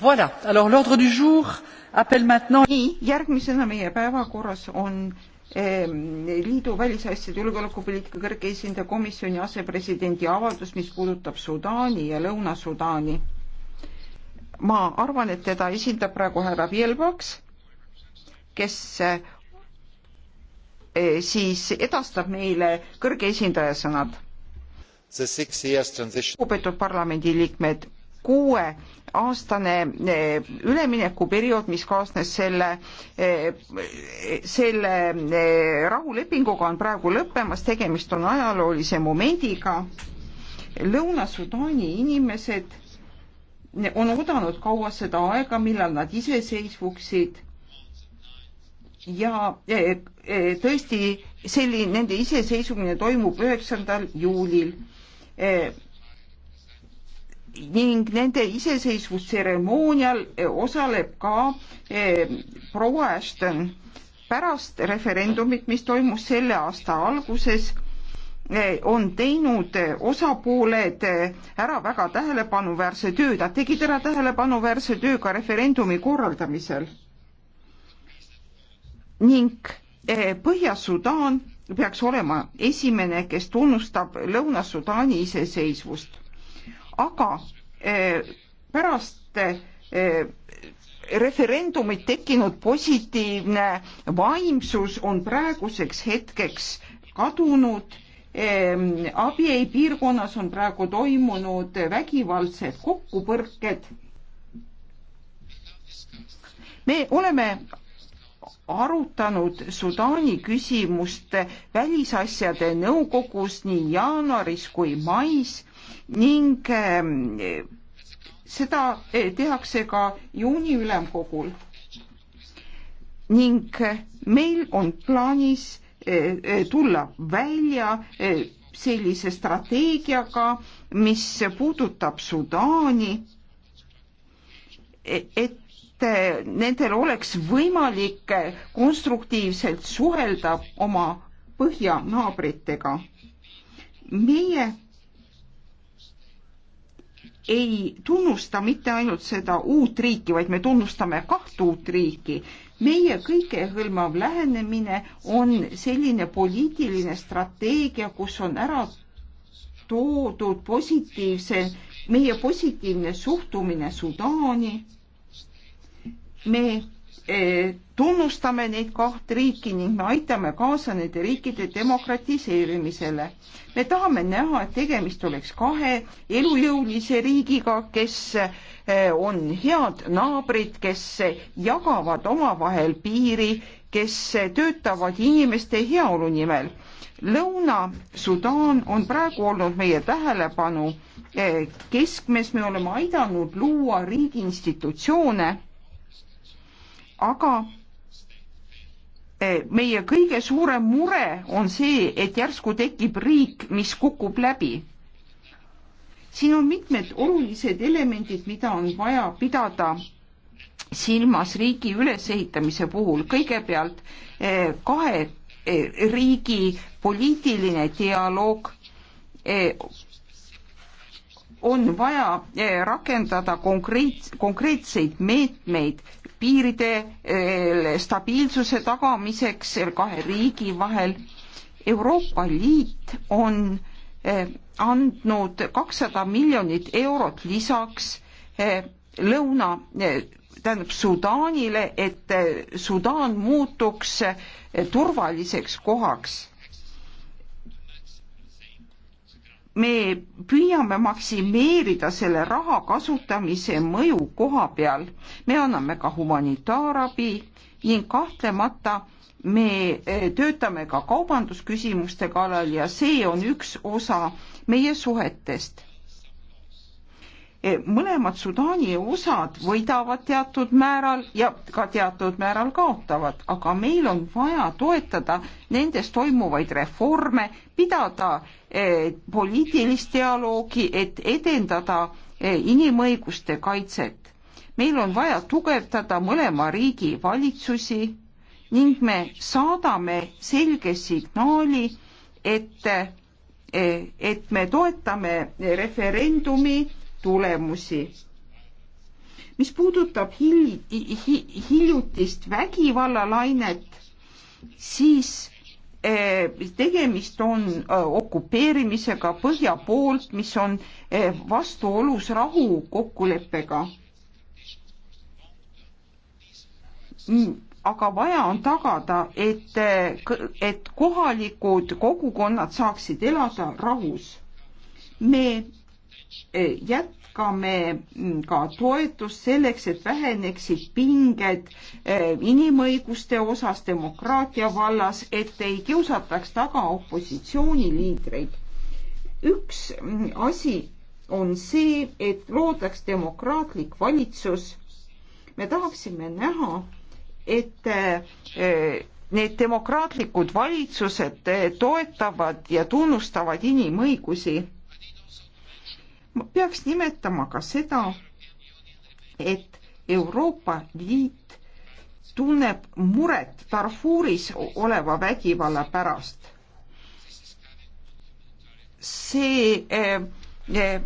Voilà. Alors l'ordre du jour appelle maintenant... nii, järgmisena meie päevakorras on eh, liidu välisasjade julgeolekupoliitika kõrge esindaja komisjoni asepresidendi avaldus, mis puudutab Sudaani ja Lõuna-Sudaani. ma arvan, et teda esindab praegu härra Vielbaks, kes eh, siis edastab meile kõrge esindaja sõnad. lugupeetud parlamendiliikmed kuue aastane eh, üleminekuperiood, mis kaasnes selle, eh, selle eh, rahulepinguga, on praegu lõppemas, tegemist on ajaloolise momendiga. Lõuna-Sudaani inimesed on oodanud kaua seda aega, millal nad iseseisvuksid ja tõesti, selline, nende iseseisvumine toimub üheksandal juulil ning nende iseseisvustseremoonial eh, osaleb ka eh, proua Ashton. pärast referendumit, mis toimus selle aasta alguses, eh, on teinud osapooled ära väga tähelepanuväärse töö, nad tegid ära tähelepanuväärse töö ka referendumi korraldamisel. ning Põhja-Sudaan peaks olema esimene, kes tunnustab Lõuna-Sudaani iseseisvust aga eh, pärast eh, referendumit tekkinud positiivne vaimsus on praeguseks hetkeks kadunud eh, abiei piirkonnas on praegu toimunud vägivaldsed kokkupõrked. me oleme arutanud Sudaani küsimust välisasjade nõukogus nii jaanuaris kui mais ning ähm, seda äh, tehakse ka juuni ülemkogul. ning äh, meil on plaanis äh, tulla välja sellise strateegiaga, mis puudutab Sudaani, e-, et et nendel oleks võimalik konstruktiivselt suhelda oma põhjanaabritega. meie ei tunnusta mitte ainult seda uut riiki, vaid me tunnustame kaht uut riiki. meie kõikehõlmav lähenemine on selline poliitiline strateegia, kus on ära toodud positiivse, meie positiivne suhtumine Sudaani me eh, tunnustame neid kaht riiki ning me aitame kaasa nende riikide demokratiseerimisele. me tahame näha, et tegemist oleks kahe elujõulise riigiga, kes eh, on head naabrid, kes jagavad omavahel piiri, kes töötavad inimeste heaolu nimel. Lõuna-Sudaan on praegu olnud meie tähelepanu eh, keskmes, me oleme aidanud luua riigi institutsioone aga eh, meie kõige suurem mure on see, et järsku tekib riik, mis kukub läbi. siin on mitmed olulised elemendid, mida on vaja pidada silmas riigi ülesehitamise puhul. kõigepealt eh, kahe eh, riigi poliitiline dialoog on vaja rakendada konkreet-, konkreetseid meetmeid piiride stabiilsuse tagamiseks kahe riigi vahel. Euroopa Liit on eh, andnud kakssada miljonit eurot lisaks eh, lõuna, eh, tähendab Sudaanile, et Sudaan muutuks turvaliseks kohaks me püüame maksimeerida selle raha kasutamise mõju koha peal, me anname ka humanitaarabi ning kahtlemata me e, töötame ka kaubandusküsimuste kallal ja see on üks osa meie suhetest Eh, mõlemad Sudaani osad võidavad teatud määral ja ka teatud määral kaotavad, aga meil on vaja toetada nendes toimuvaid reforme, pidada eh, poliitilist dialoogi, et edendada eh, inimõiguste kaitset. meil on vaja tugevdada mõlema riigi valitsusi ning me saadame selge signaali, et eh,, et me toetame referendumi tulemusi. mis puudutab hil-, hi, hiljutist vägivallalainet, siis eh, tegemist on eh, okupeerimisega põhja poolt, mis on eh, vastuolus rahukokkuleppega. Mm, aga vaja on tagada, et, et kohalikud kogukonnad saaksid elada rahus. me Äh, jätkame mm, ka toetust selleks, et väheneksid pinged äh, inimõiguste osas demokraatia vallas, et ei kiusataks taga opositsiooniliidreid. üks mm, asi on see, et loodaks demokraatlik valitsus. me tahaksime näha, et äh, need demokraatlikud valitsused toetavad ja tunnustavad inimõigusi peaks nimetama ka seda, et Euroopa Liit tunneb muret Darfuris oleva vägivalla pärast. see eh, eh,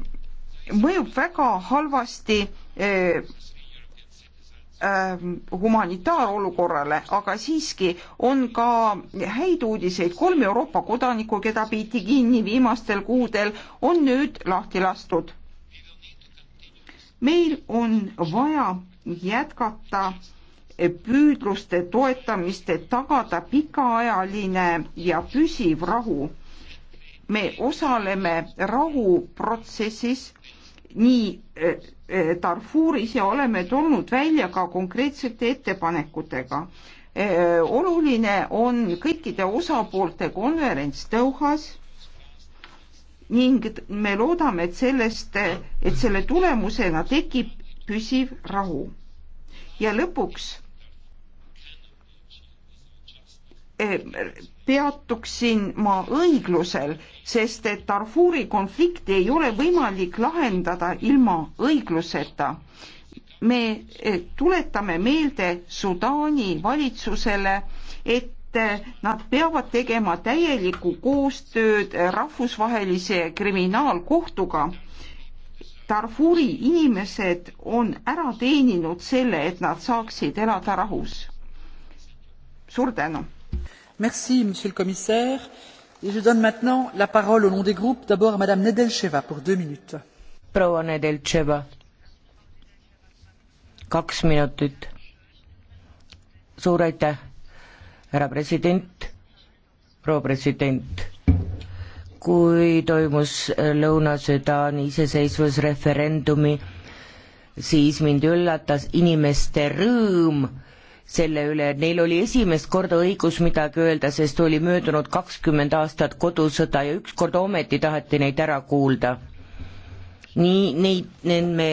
mõjub väga halvasti eh, Ähm, humanitaarolukorrale, aga siiski on ka häid uudiseid. kolm Euroopa kodanikku, keda peeti kinni viimastel kuudel, on nüüd lahti lastud. meil on vaja jätkata püüdluste toetamist, et tagada pikaajaline ja püsiv rahu. me osaleme rahuprotsessis nii äh, E, Darfuris ja oleme tulnud välja ka konkreetsete ettepanekutega. E, oluline on kõikide osapoolte konverents Dohas ning me loodame, et sellest, et selle tulemusena tekib püsiv rahu. ja lõpuks peatuksin ma õiglusel, sest et Darfuri konflikti ei ole võimalik lahendada ilma õigluseta. me eh, tuletame meelde Sudaani valitsusele, et eh, nad peavad tegema täielikku koostööd rahvusvahelise kriminaalkohtuga. Darfuri inimesed on ära teeninud selle, et nad saaksid elada rahus. suur tänu Merci, monsieur le commissaire. Et je donne maintenant la parole au nom des groupes, d'abord à madame Nedelcheva pour deux minutes. proua Nedelcheva, kaks minutit. suur aitäh, härra president, proua president kui toimus Lõuna-Sudaani iseseisvusreferendumi, siis mind üllatas inimeste rõõm äh, selle üle, et neil oli esimest korda õigus midagi öelda, sest oli möödunud kakskümmend aastat kodusõda ja ükskord ometi taheti neid ära kuulda. nii, neid, neid me,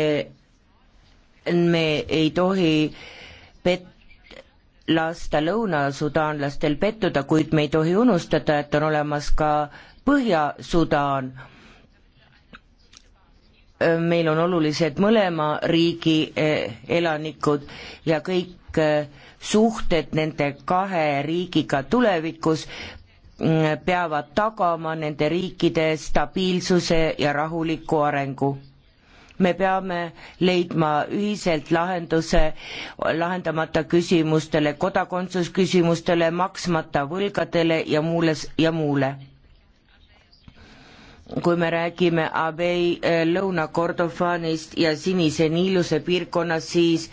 me ei tohi pet-, lasta lõunasudaanlastel pettuda, kuid me ei tohi unustada, et on olemas ka Põhja-Sudaan meil on olulised mõlema riigi eh, elanikud ja kõik eh, suhted nende kahe riigiga tulevikus mm, peavad tagama nende riikide stabiilsuse ja rahuliku arengu. me peame leidma ühiselt lahenduse lahendamata küsimustele, kodakondsusküsimustele, maksmata võlgadele ja muules, ja muule kui me räägime Abei eh, Lõuna-Kordofaanist ja Sinise Niiluse piirkonnast, siis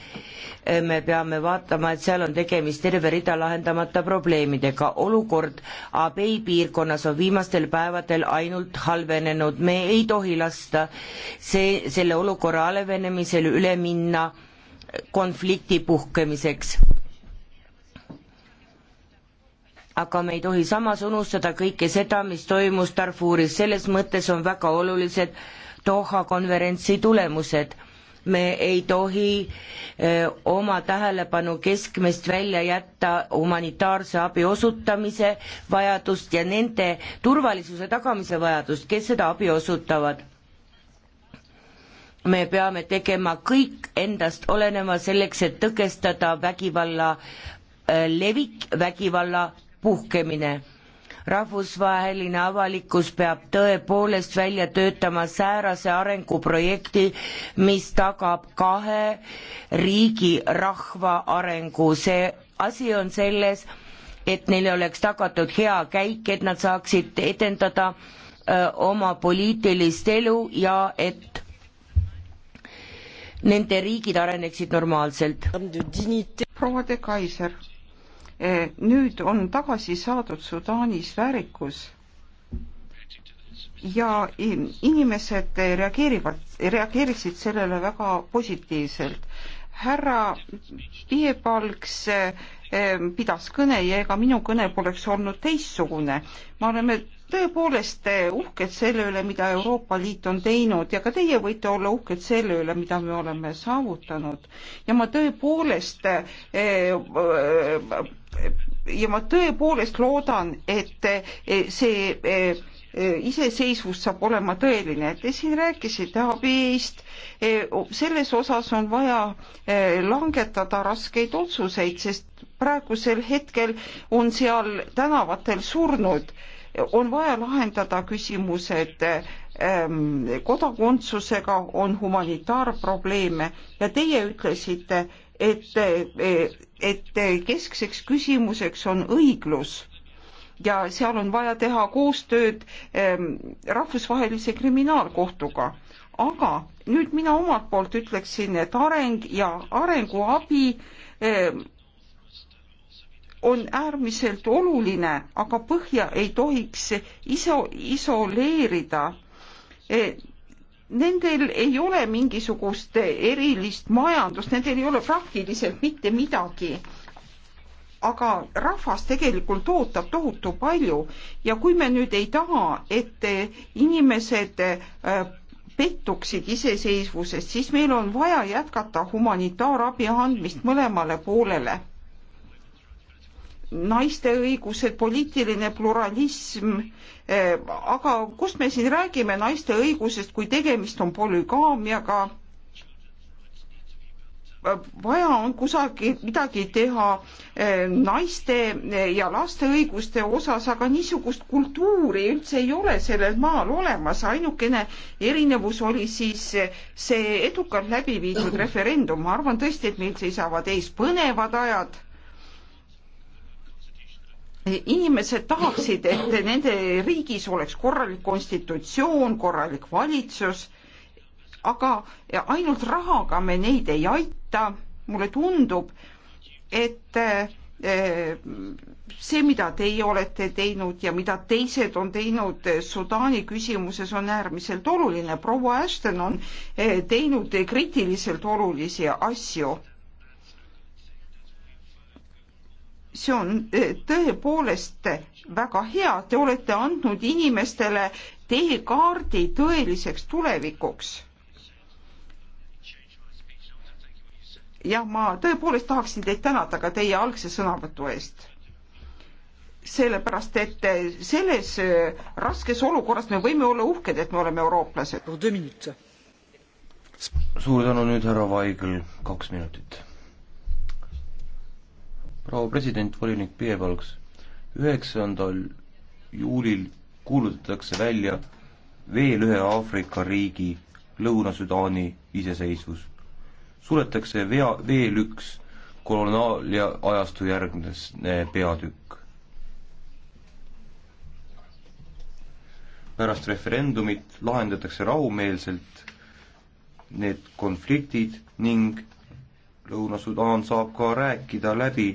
eh, me peame vaatama, et seal on tegemist terve rida lahendamata probleemidega. olukord Abei piirkonnas on viimastel päevadel ainult halvenenud, me ei tohi lasta see, selle olukorra halvenemisel üle minna konflikti puhkemiseks aga me ei tohi samas unustada kõike seda, mis toimus Darfuris, selles mõttes on väga olulised Doha konverentsi tulemused. me ei tohi öö, eh, oma tähelepanu keskmest välja jätta humanitaarse abi osutamise vajadust ja nende turvalisuse tagamise vajadust, kes seda abi osutavad me peame tegema kõik endast oleneva selleks, et tõkestada vägivalla eh, levik, vägivalla puhkemine. rahvusvaheline avalikkus peab tõepoolest välja töötama säärase arenguprojekti, mis tagab kahe riigi rahva arengu, see asi on selles, et neile oleks tagatud hea käik, et nad saaksid edendada öö, oma poliitilist elu ja et nende riigid areneksid normaalselt. proua de Kaiser Eh, nüüd on tagasi saadud Sudaanis väärikus ja inimesed eh, reageerivad, reageerisid sellele väga positiivselt. härra Piepalks eh, pidas kõne ja ega minu kõne poleks olnud teistsugune. me oleme tõepoolest uhked selle üle, mida Euroopa Liit on teinud ja ka teie võite olla uhked selle üle, mida me oleme saavutanud. ja ma tõepoolest eh, ja ma tõepoolest loodan, et e, see e, e, iseseisvus saab olema tõeline. Te siin rääkisite abist, selles osas on vaja langetada raskeid otsuseid, sest praegusel hetkel on seal tänavatel surnud. on vaja lahendada küsimused kodakondsusega, on humanitaarprobleeme ja teie ütlesite, et et keskseks küsimuseks on õiglus ja seal on vaja teha koostööd ähm, rahvusvahelise kriminaalkohtuga. aga nüüd mina omalt poolt ütleksin, et areng ja arenguabi ähm, on äärmiselt oluline, aga põhja ei tohiks iso-, isoleerida äh, nendel ei ole mingisugust erilist majandust, nendel ei ole praktiliselt mitte midagi. aga rahvas tegelikult ootab tohutu palju ja kui me nüüd ei taha, et inimesed äh, pettuksid iseseisvusest, siis meil on vaja jätkata humanitaarabi andmist mõlemale poolele naiste õigused, poliitiline pluralism, eh, aga kust me siin räägime naiste õigusest, kui tegemist on polügaamiaga? vaja on kusagil midagi teha eh, naiste eh, ja laste õiguste osas, aga niisugust kultuuri üldse ei ole sellel maal olemas, ainukene erinevus oli siis see edukalt läbi viidud referendum, ma arvan tõesti, et meil seisavad ees põnevad ajad inimesed tahaksid, et nende riigis oleks korralik konstitutsioon, korralik valitsus, aga ainult rahaga me neid ei aita. mulle tundub, et eh, see, mida teie olete teinud ja mida teised on teinud Sudaani küsimuses, on äärmiselt oluline. proua Ashton on eh, teinud kriitiliselt olulisi asju see on eh, tõepoolest väga hea, te olete andnud inimestele teekaardi tõeliseks tulevikuks. jah, ma tõepoolest tahaksin teid tänada ka teie algse sõnavõtu eest sellepärast, et selles eh, raskes olukorras me võime olla uhked, et me oleme eurooplased. suur tänu nüüd, härra Vaigel, kaks minutit proua president, volinik Piebalgs, üheksandal juulil kuulutatakse välja veel ühe Aafrika riigi, Lõuna-Sudaani iseseisvus. suletakse vea, veel üks kolonaalia ajastu järgne peatükk. pärast referendumit lahendatakse rahumeelselt need konfliktid ning Lõuna-Sudaan saab ka rääkida läbi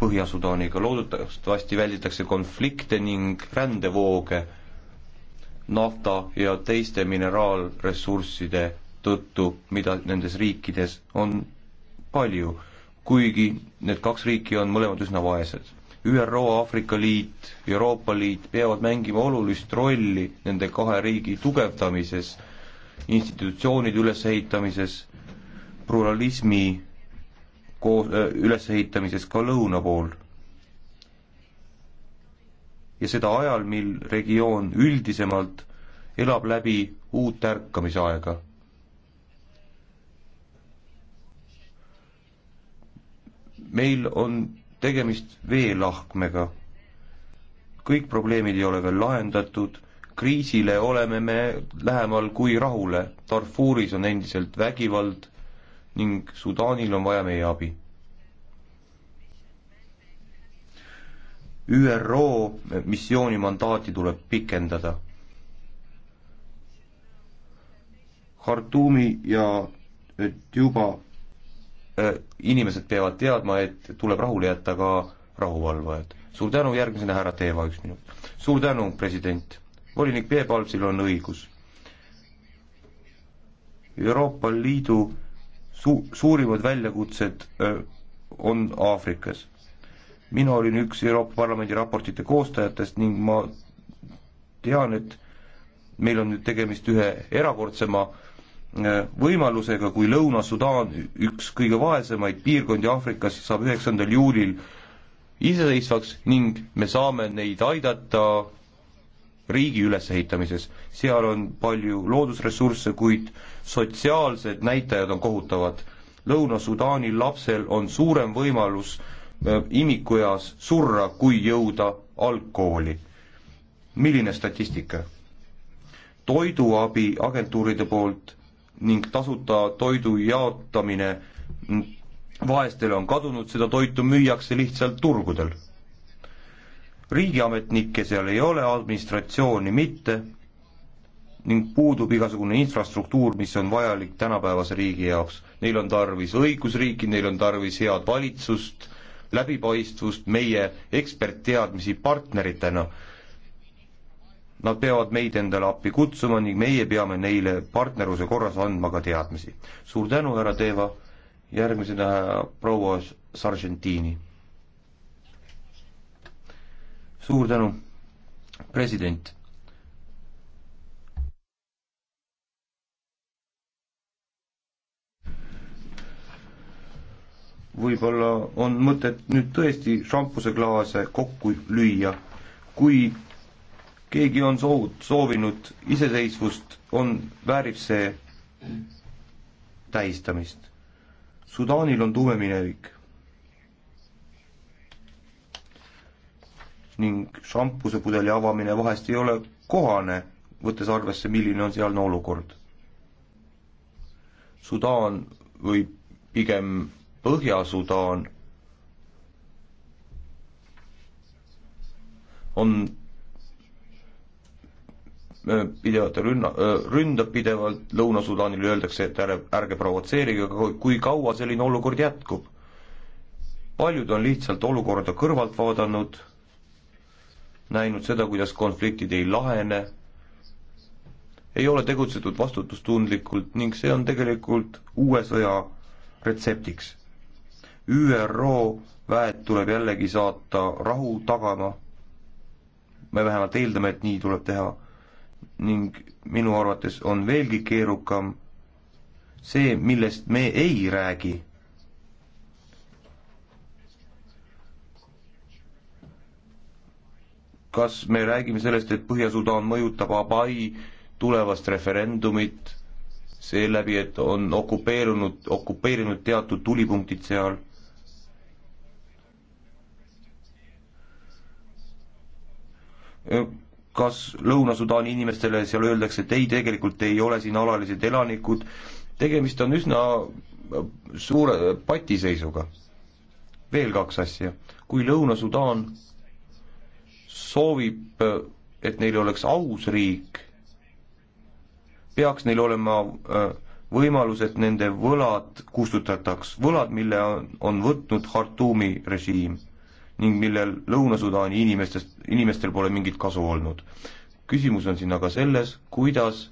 Põhja-Sudaaniga, loodetavasti välditakse konflikte ning rändevooge nafta ja teiste mineraalressursside tõttu, mida nendes riikides on palju, kuigi need kaks riiki on mõlemad üsna vaesed. ÜRO, Aafrika Liit, Euroopa Liit peavad mängima olulist rolli nende kahe riigi tugevdamises, institutsioonide ülesehitamises, pluralismi koos, ülesehitamises ka lõuna pool. ja seda ajal, mil regioon üldisemalt elab läbi uut ärkamisaega. meil on tegemist veelahkmega. kõik probleemid ei ole veel lahendatud, kriisile oleme me lähemal kui rahule. Darfuris on endiselt vägivald ning Sudaanil on vaja meie abi. ÜRO missiooni mandaati tuleb pikendada. Khartoumi ja äh, Juba äh, inimesed peavad teadma, et tuleb rahule jätta ka rahuvalvajad. suur tänu, järgmisena härra Teeva, üks minut. suur tänu, president. volinik Peebaltsil on õigus. Euroopa Liidu su-, suurimad väljakutsed öö, on Aafrikas. mina olin üks Euroopa Parlamendi raportite koostajatest ning ma tean, et meil on nüüd tegemist ühe erakordsema võimalusega, kui Lõuna-Sudaan, üks kõige vaesemaid piirkondi Aafrikas, saab üheksandal juulil iseseisvaks ning me saame neid aidata riigi ülesehitamises, seal on palju loodusressursse, kuid sotsiaalsed näitajad on kohutavad. Lõuna-Sudaani lapsel on suurem võimalus äh, imikueas surra, kui jõuda algkooli. milline statistika? toiduabiagentuuride poolt ning tasuta toidu jaotamine mm, vaestele on kadunud, seda toitu müüakse lihtsalt turgudel riigiametnikke seal ei ole, administratsiooni mitte ning puudub igasugune infrastruktuur, mis on vajalik tänapäevase riigi jaoks. Neil on tarvis õigusriiki, neil on tarvis head valitsust, läbipaistvust, meie ekspertteadmisi partneritena. Nad peavad meid endale appi kutsuma ning meie peame neile partnerluse korras andma ka teadmisi. suur tänu, härra Teeva, järgmisena proua Sargentini suur tänu, president. võib-olla on mõtet nüüd tõesti šampuseklaase kokku lüüa, kui keegi on soov, soovinud iseseisvust, on, väärib see tähistamist. Sudaanil on tume minevik ning šampusepudeli avamine vahest ei ole kohane, võttes arvesse, milline on sealne olukord. Sudaan või pigem Põhja-Sudaan on äh, pidevalt rünna, äh, ründab pidevalt Lõuna-Sudaanile, öeldakse, et ärge, ärge provotseerige, aga kui kaua selline olukord jätkub? paljud on lihtsalt olukorda kõrvalt vaadanud näinud seda, kuidas konfliktid ei lahene, ei ole tegutsetud vastutustundlikult ning see on tegelikult uue sõja retseptiks. ÜRO väed tuleb jällegi saata rahu tagama, me vähemalt eeldame, et nii tuleb teha, ning minu arvates on veelgi keerukam see, millest me ei räägi kas me räägime sellest, et Põhja-Sudaan mõjutab Abai tulevast referendumit seeläbi, et on okupeerunud, okupeerinud teatud tulipunktid seal? kas Lõuna-Sudaani inimestele seal öeldakse, et ei, tegelikult ei ole siin alalised elanikud, tegemist on üsna suure patiseisuga. veel kaks asja, kui Lõuna-Sudaan soovib, et neil oleks aus riik, peaks neil olema äh, võimalus, et nende võlad kustutataks, võlad, mille on, on võtnud Khartoumi režiim ning millel Lõuna-Sudaani inimestest, inimestel pole mingit kasu olnud. küsimus on siin aga selles, kuidas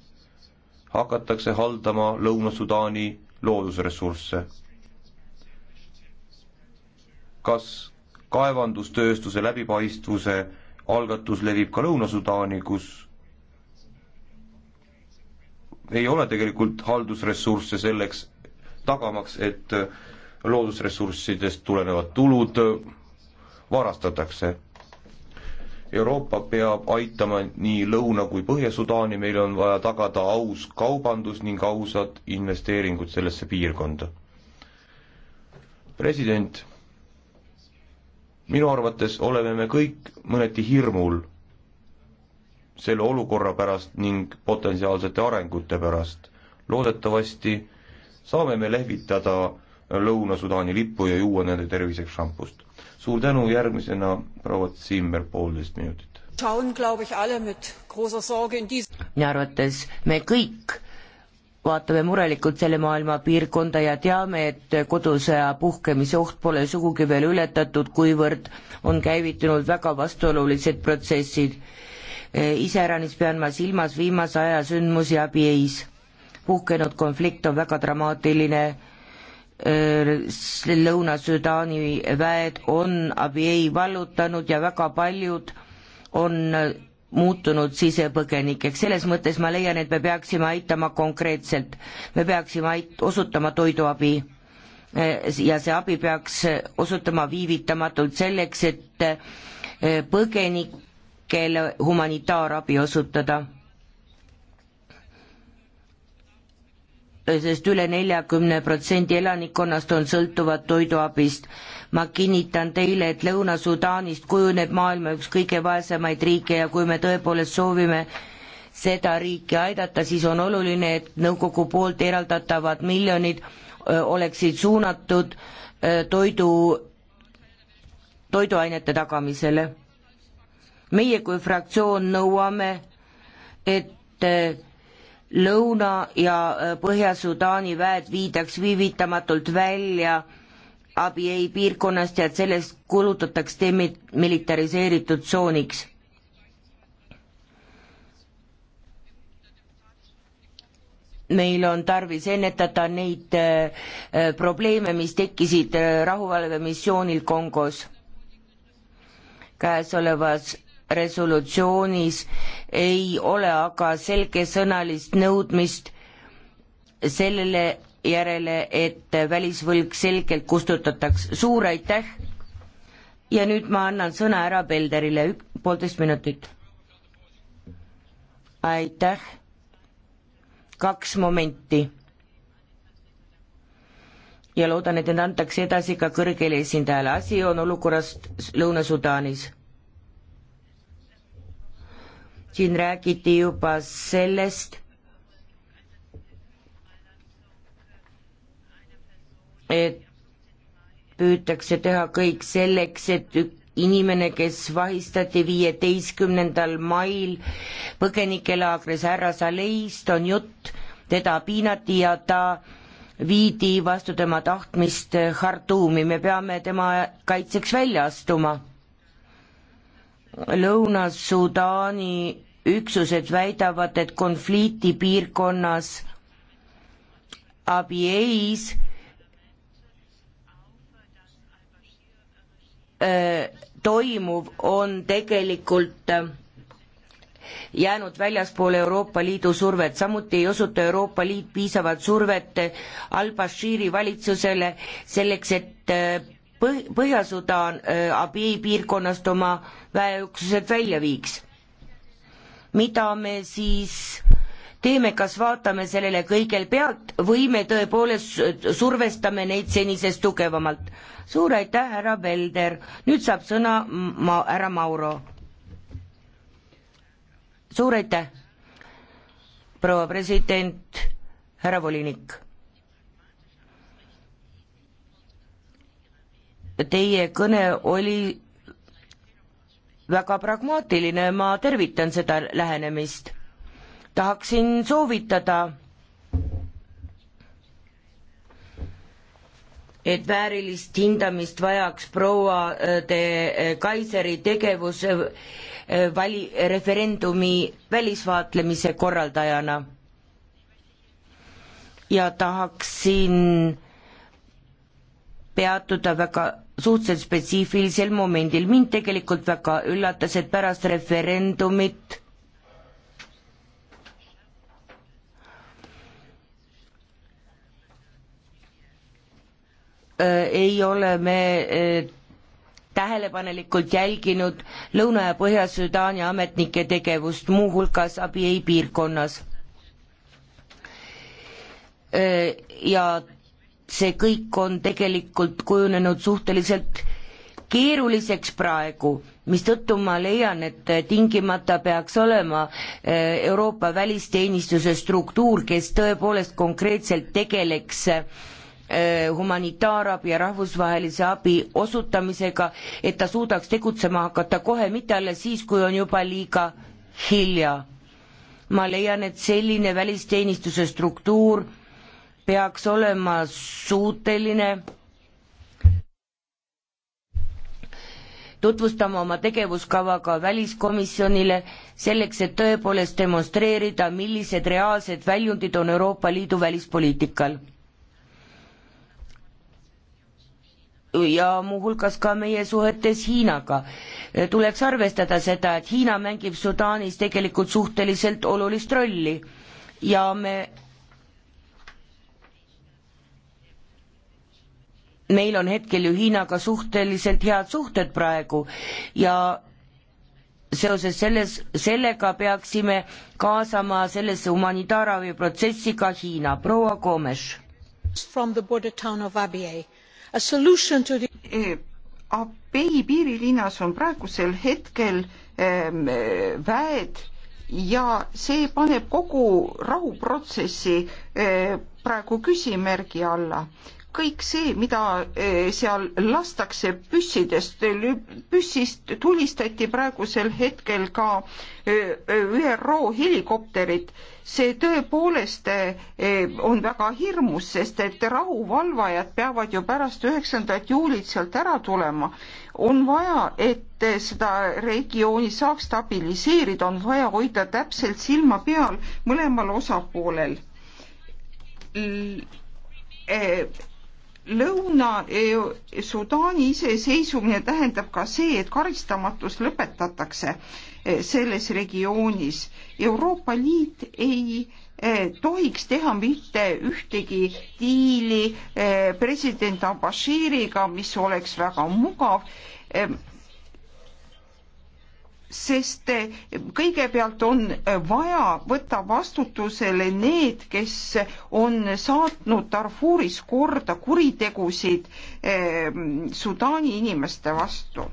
hakatakse haldama Lõuna-Sudaani loodusressursse. kas kaevandustööstuse läbipaistvuse algatus levib ka Lõuna-Sudaani, kus ei ole tegelikult haldusressursse selleks tagamaks, et loodusressurssidest tulenevad tulud varastatakse. Euroopa peab aitama nii Lõuna- kui Põhja-Sudaani, meil on vaja tagada aus kaubandus ning ausad investeeringud sellesse piirkonda. president minu arvates oleme me kõik mõneti hirmul selle olukorra pärast ning potentsiaalsete arengute pärast. loodetavasti saame me lehvitada Lõuna-Sudaani lippu ja juua nende terviseks šampust. suur tänu, järgmisena proua Zimmer, poolteist minutit. minu arvates me kõik vaatame murelikult selle maailma piirkonda ja teame, et kodusõja puhkemise oht pole sugugi veel ületatud, kuivõrd on käivitunud väga vastuolulised protsessid. iseäranis pean ma silmas viimase aja sündmusi Abieis. puhkenud konflikt on väga dramaatiline, äh, Lõuna-Sudaani väed on Abiei vallutanud ja väga paljud on muutunud sisepõgenikeks, selles mõttes ma leian, et me peaksime aitama konkreetselt, me peaksime ait-, osutama toiduabi eh, ja see abi peaks osutama viivitamatult selleks, et eh, põgenikele humanitaarabi osutada sest üle neljakümne protsendi elanikkonnast on sõltuvad toiduabist. ma kinnitan teile, et Lõuna-Sudaanist kujuneb maailma üks kõige vaesemaid riike ja kui me tõepoolest soovime seda riiki aidata, siis on oluline, et nõukogu poolt eraldatavad miljonid oleksid suunatud toidu, toiduainete tagamisele. meie kui fraktsioon nõuame, et Lõuna- ja äh, Põhja-Sudaani väed viidaks viivitamatult välja Abiei piirkonnast ja et sellest kuulutataks demilitariseeritud tsooniks. meil on tarvis ennetada neid äh, äh, probleeme, mis tekkisid rahuvalvemissioonil Kongos. käesolevas resolutsioonis ei ole aga selgesõnalist nõudmist sellele järele, et välisvõlg selgelt kustutataks. suur aitäh ja nüüd ma annan sõna ära Pelderile, poolteist minutit. aitäh, kaks momenti. ja loodan, et need antakse edasi ka kõrgele esindajale, asi on olukorrast Lõuna-Sudaanis siin räägiti juba sellest, et püütakse teha kõik selleks, et inimene, kes vahistati viieteistkümnendal mail põgenikelaagris härra Saleist, on jutt, teda piinati ja ta viidi vastu tema tahtmist Khartoumi, me peame tema kaitseks välja astuma. Lõuna-Sudaani üksused väidavad, et konflikti piirkonnas Abieis äh, toimuv on tegelikult äh, jäänud väljaspool Euroopa Liidu survet, samuti ei osuta Euroopa Liit piisavat survet al-Bashiri valitsusele selleks, et äh, Põhja-Sudaan Abiei piirkonnast oma väeüksused välja viiks mida me siis teeme, kas vaatame sellele kõigel pealt või me tõepoolest survestame neid senisest tugevamalt. suur aitäh, härra Velder, nüüd saab sõna ma-, härra Mauro. suur aitäh, proua president, härra volinik. Teie kõne oli väga pragmaatiline, ma tervitan seda lähenemist. tahaksin soovitada, et väärilist hindamist vajaks proua äh, de äh, Kaiseri tegevus äh, vali-, referendumi välisvaatlemise korraldajana. ja tahaksin peatuda väga suhteliselt spetsiifilisel momendil, mind tegelikult väga üllatas, et pärast referendumit äh, ei ole me äh, tähelepanelikult jälginud Lõuna- ja Põhja-Sudaani ametnike tegevust, muuhulgas Abiei piirkonnas. Äh, ja see kõik on tegelikult kujunenud suhteliselt keeruliseks praegu, mistõttu ma leian, et tingimata peaks olema eh, Euroopa välisteenistuse struktuur, kes tõepoolest konkreetselt tegeleks eh, humanitaarabi ja rahvusvahelise abi osutamisega, et ta suudaks tegutsema hakata kohe, mitte alles siis, kui on juba liiga hilja. ma leian, et selline välisteenistuse struktuur peaks olema suuteline tutvustama oma tegevuskava ka väliskomisjonile, selleks et tõepoolest demonstreerida, millised reaalsed väljundid on Euroopa Liidu välispoliitikal. ja muuhulgas ka meie suhetes Hiinaga. tuleks arvestada seda, et Hiina mängib Sudaanis tegelikult suhteliselt olulist rolli ja me meil on hetkel ju Hiinaga suhteliselt head suhted praegu ja seoses selles, sellega peaksime kaasama sellesse humanitaarabi protsessi ka Hiina, proua Gomes. Abei e, piirilinnas on praegusel hetkel ähm, väed ja see paneb kogu rahuprotsessi äh, praegu küsimärgi alla kõik see, mida eh, seal lastakse püssidest, püssist tulistati praegusel hetkel ka eh, ÜRO helikopterit, see tõepoolest eh, on väga hirmus, sest et rahuvalvajad peavad ju pärast üheksandat juulit sealt ära tulema. on vaja, et seda regiooni saaks stabiliseerida, on vaja hoida täpselt silma peal mõlemal osapoolel Lõuna-Sudaani iseseisvumine tähendab ka see, et karistamatus lõpetatakse eh, selles regioonis. Euroopa Liit ei eh, tohiks teha mitte ühtegi diili eh, president Abashiriga, mis oleks väga mugav sest eh, kõigepealt on eh, vaja võtta vastutusele need, kes eh, on saatnud Darfuris korda kuritegusid eh, Sudaani inimeste vastu.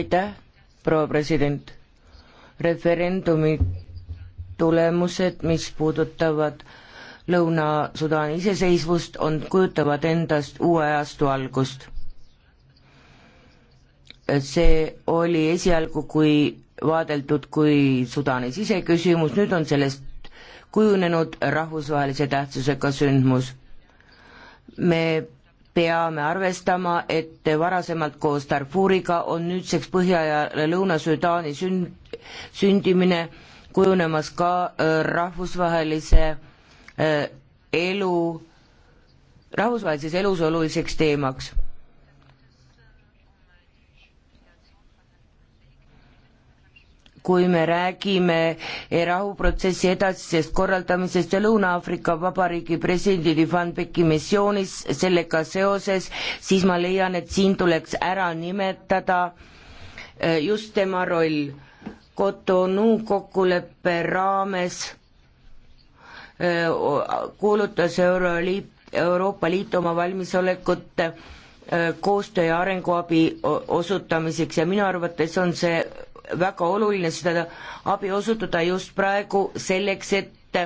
aitäh, proua president. referendumi tulemused, mis puudutavad Lõuna-Sudaani iseseisvust, on, kujutavad endast uue ajastu algust see oli esialgu kui vaadeldud kui Sudaani siseküsimus, nüüd on sellest kujunenud rahvusvahelise tähtsusega sündmus. me peame arvestama, et varasemalt koos Darfuriga on nüüdseks Põhja- ja Lõuna-Sudaani sünd, sündimine kujunemas ka äh, rahvusvahelise äh, elu, rahvusvahelises elus oluliseks teemaks kui me räägime rahuprotsessi edasisest korraldamisest ja Lõuna-Aafrika Vabariigi presidendi Van Becki missioonist sellega seoses, siis ma leian, et siin tuleks ära nimetada äh, just tema roll. Cotonou kokkuleppe raames äh, kuulutas Euroliit, Euroopa Liit oma valmisolekut äh, koostöö ja arenguabi osutamiseks ja minu arvates on see väga oluline seda abi osutada just praegu selleks, et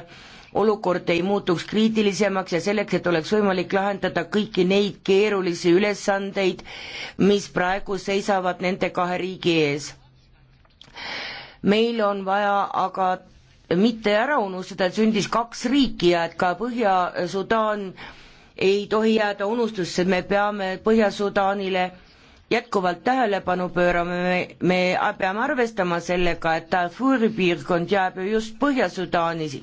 olukord ei muutuks kriitilisemaks ja selleks, et oleks võimalik lahendada kõiki neid keerulisi ülesandeid, mis praegu seisavad nende kahe riigi ees. meil on vaja aga mitte ära unustada, et sündis kaks riiki ja et ka Põhja-Sudaan ei tohi jääda unustusse, me peame Põhja-Sudaanile jätkuvalt tähelepanu pöörame, me, me peame arvestama sellega, et Darfuri piirkond jääb ju just Põhja-Sudaani äh,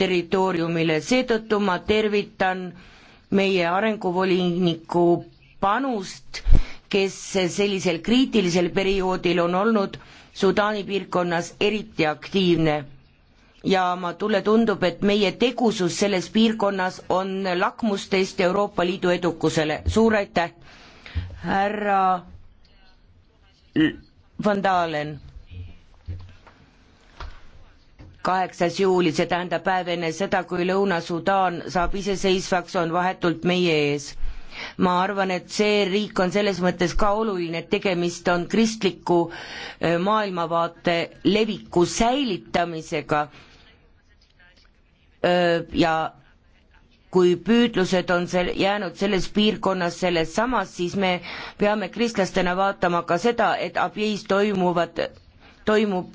territooriumile, seetõttu ma tervitan meie arenguvoliniku panust, kes sellisel kriitilisel perioodil on olnud Sudaani piirkonnas eriti aktiivne ja mulle tundub, et meie tegusus selles piirkonnas on lakmustest Euroopa Liidu edukusele, suur aitäh! härra Van Dalen. kaheksas juuli, see tähendab päev enne seda, kui Lõuna-Sudaan saab iseseisvaks, on vahetult meie ees. ma arvan, et see riik on selles mõttes ka oluline, et tegemist on kristliku maailmavaate leviku säilitamisega ja kui püüdlused on sel-, jäänud selles piirkonnas selles samas, siis me peame kristlastena vaatama ka seda, et abieis toimuvad, toimub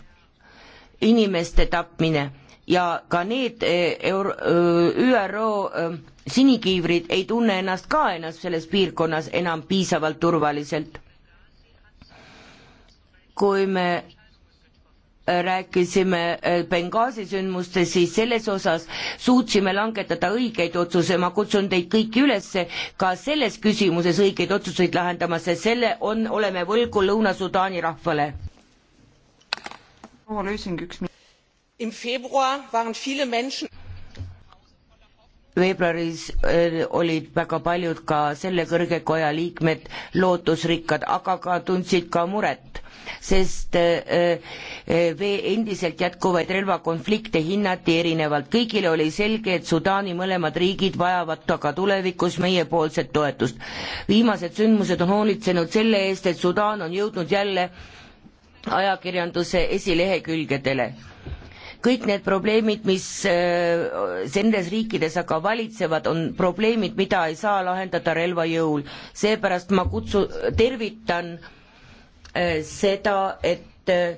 inimeste tapmine ja ka need e, euro-, e, ÜRO e, sinikiivrid ei tunne ennast ka ennast selles piirkonnas enam piisavalt turvaliselt. kui me rääkisime äh, Benghazi sündmustes, siis selles osas suutsime langetada õigeid otsuse, ma kutsun teid kõiki üles ka selles küsimuses õigeid otsuseid lahendama, sest selle on, oleme võlgu Lõuna-Sudaani rahvale. proua Lüüsing, üks minut veebruaris äh, olid väga paljud ka selle kõrge koja liikmed lootusrikkad, aga ka tundsid ka muret, sest äh, äh, vee endiselt jätkuvaid relvakonflikte hinnati erinevalt. kõigile oli selge, et Sudaani mõlemad riigid vajavad ka tulevikus meiepoolset toetust. viimased sündmused on hoolitsenud selle eest, et Sudaan on jõudnud jälle ajakirjanduse esilehekülgedele kõik need probleemid, mis äh, nendes riikides aga valitsevad, on probleemid, mida ei saa lahendada relva jõul. seepärast ma kutsu, tervitan äh, seda, et äh,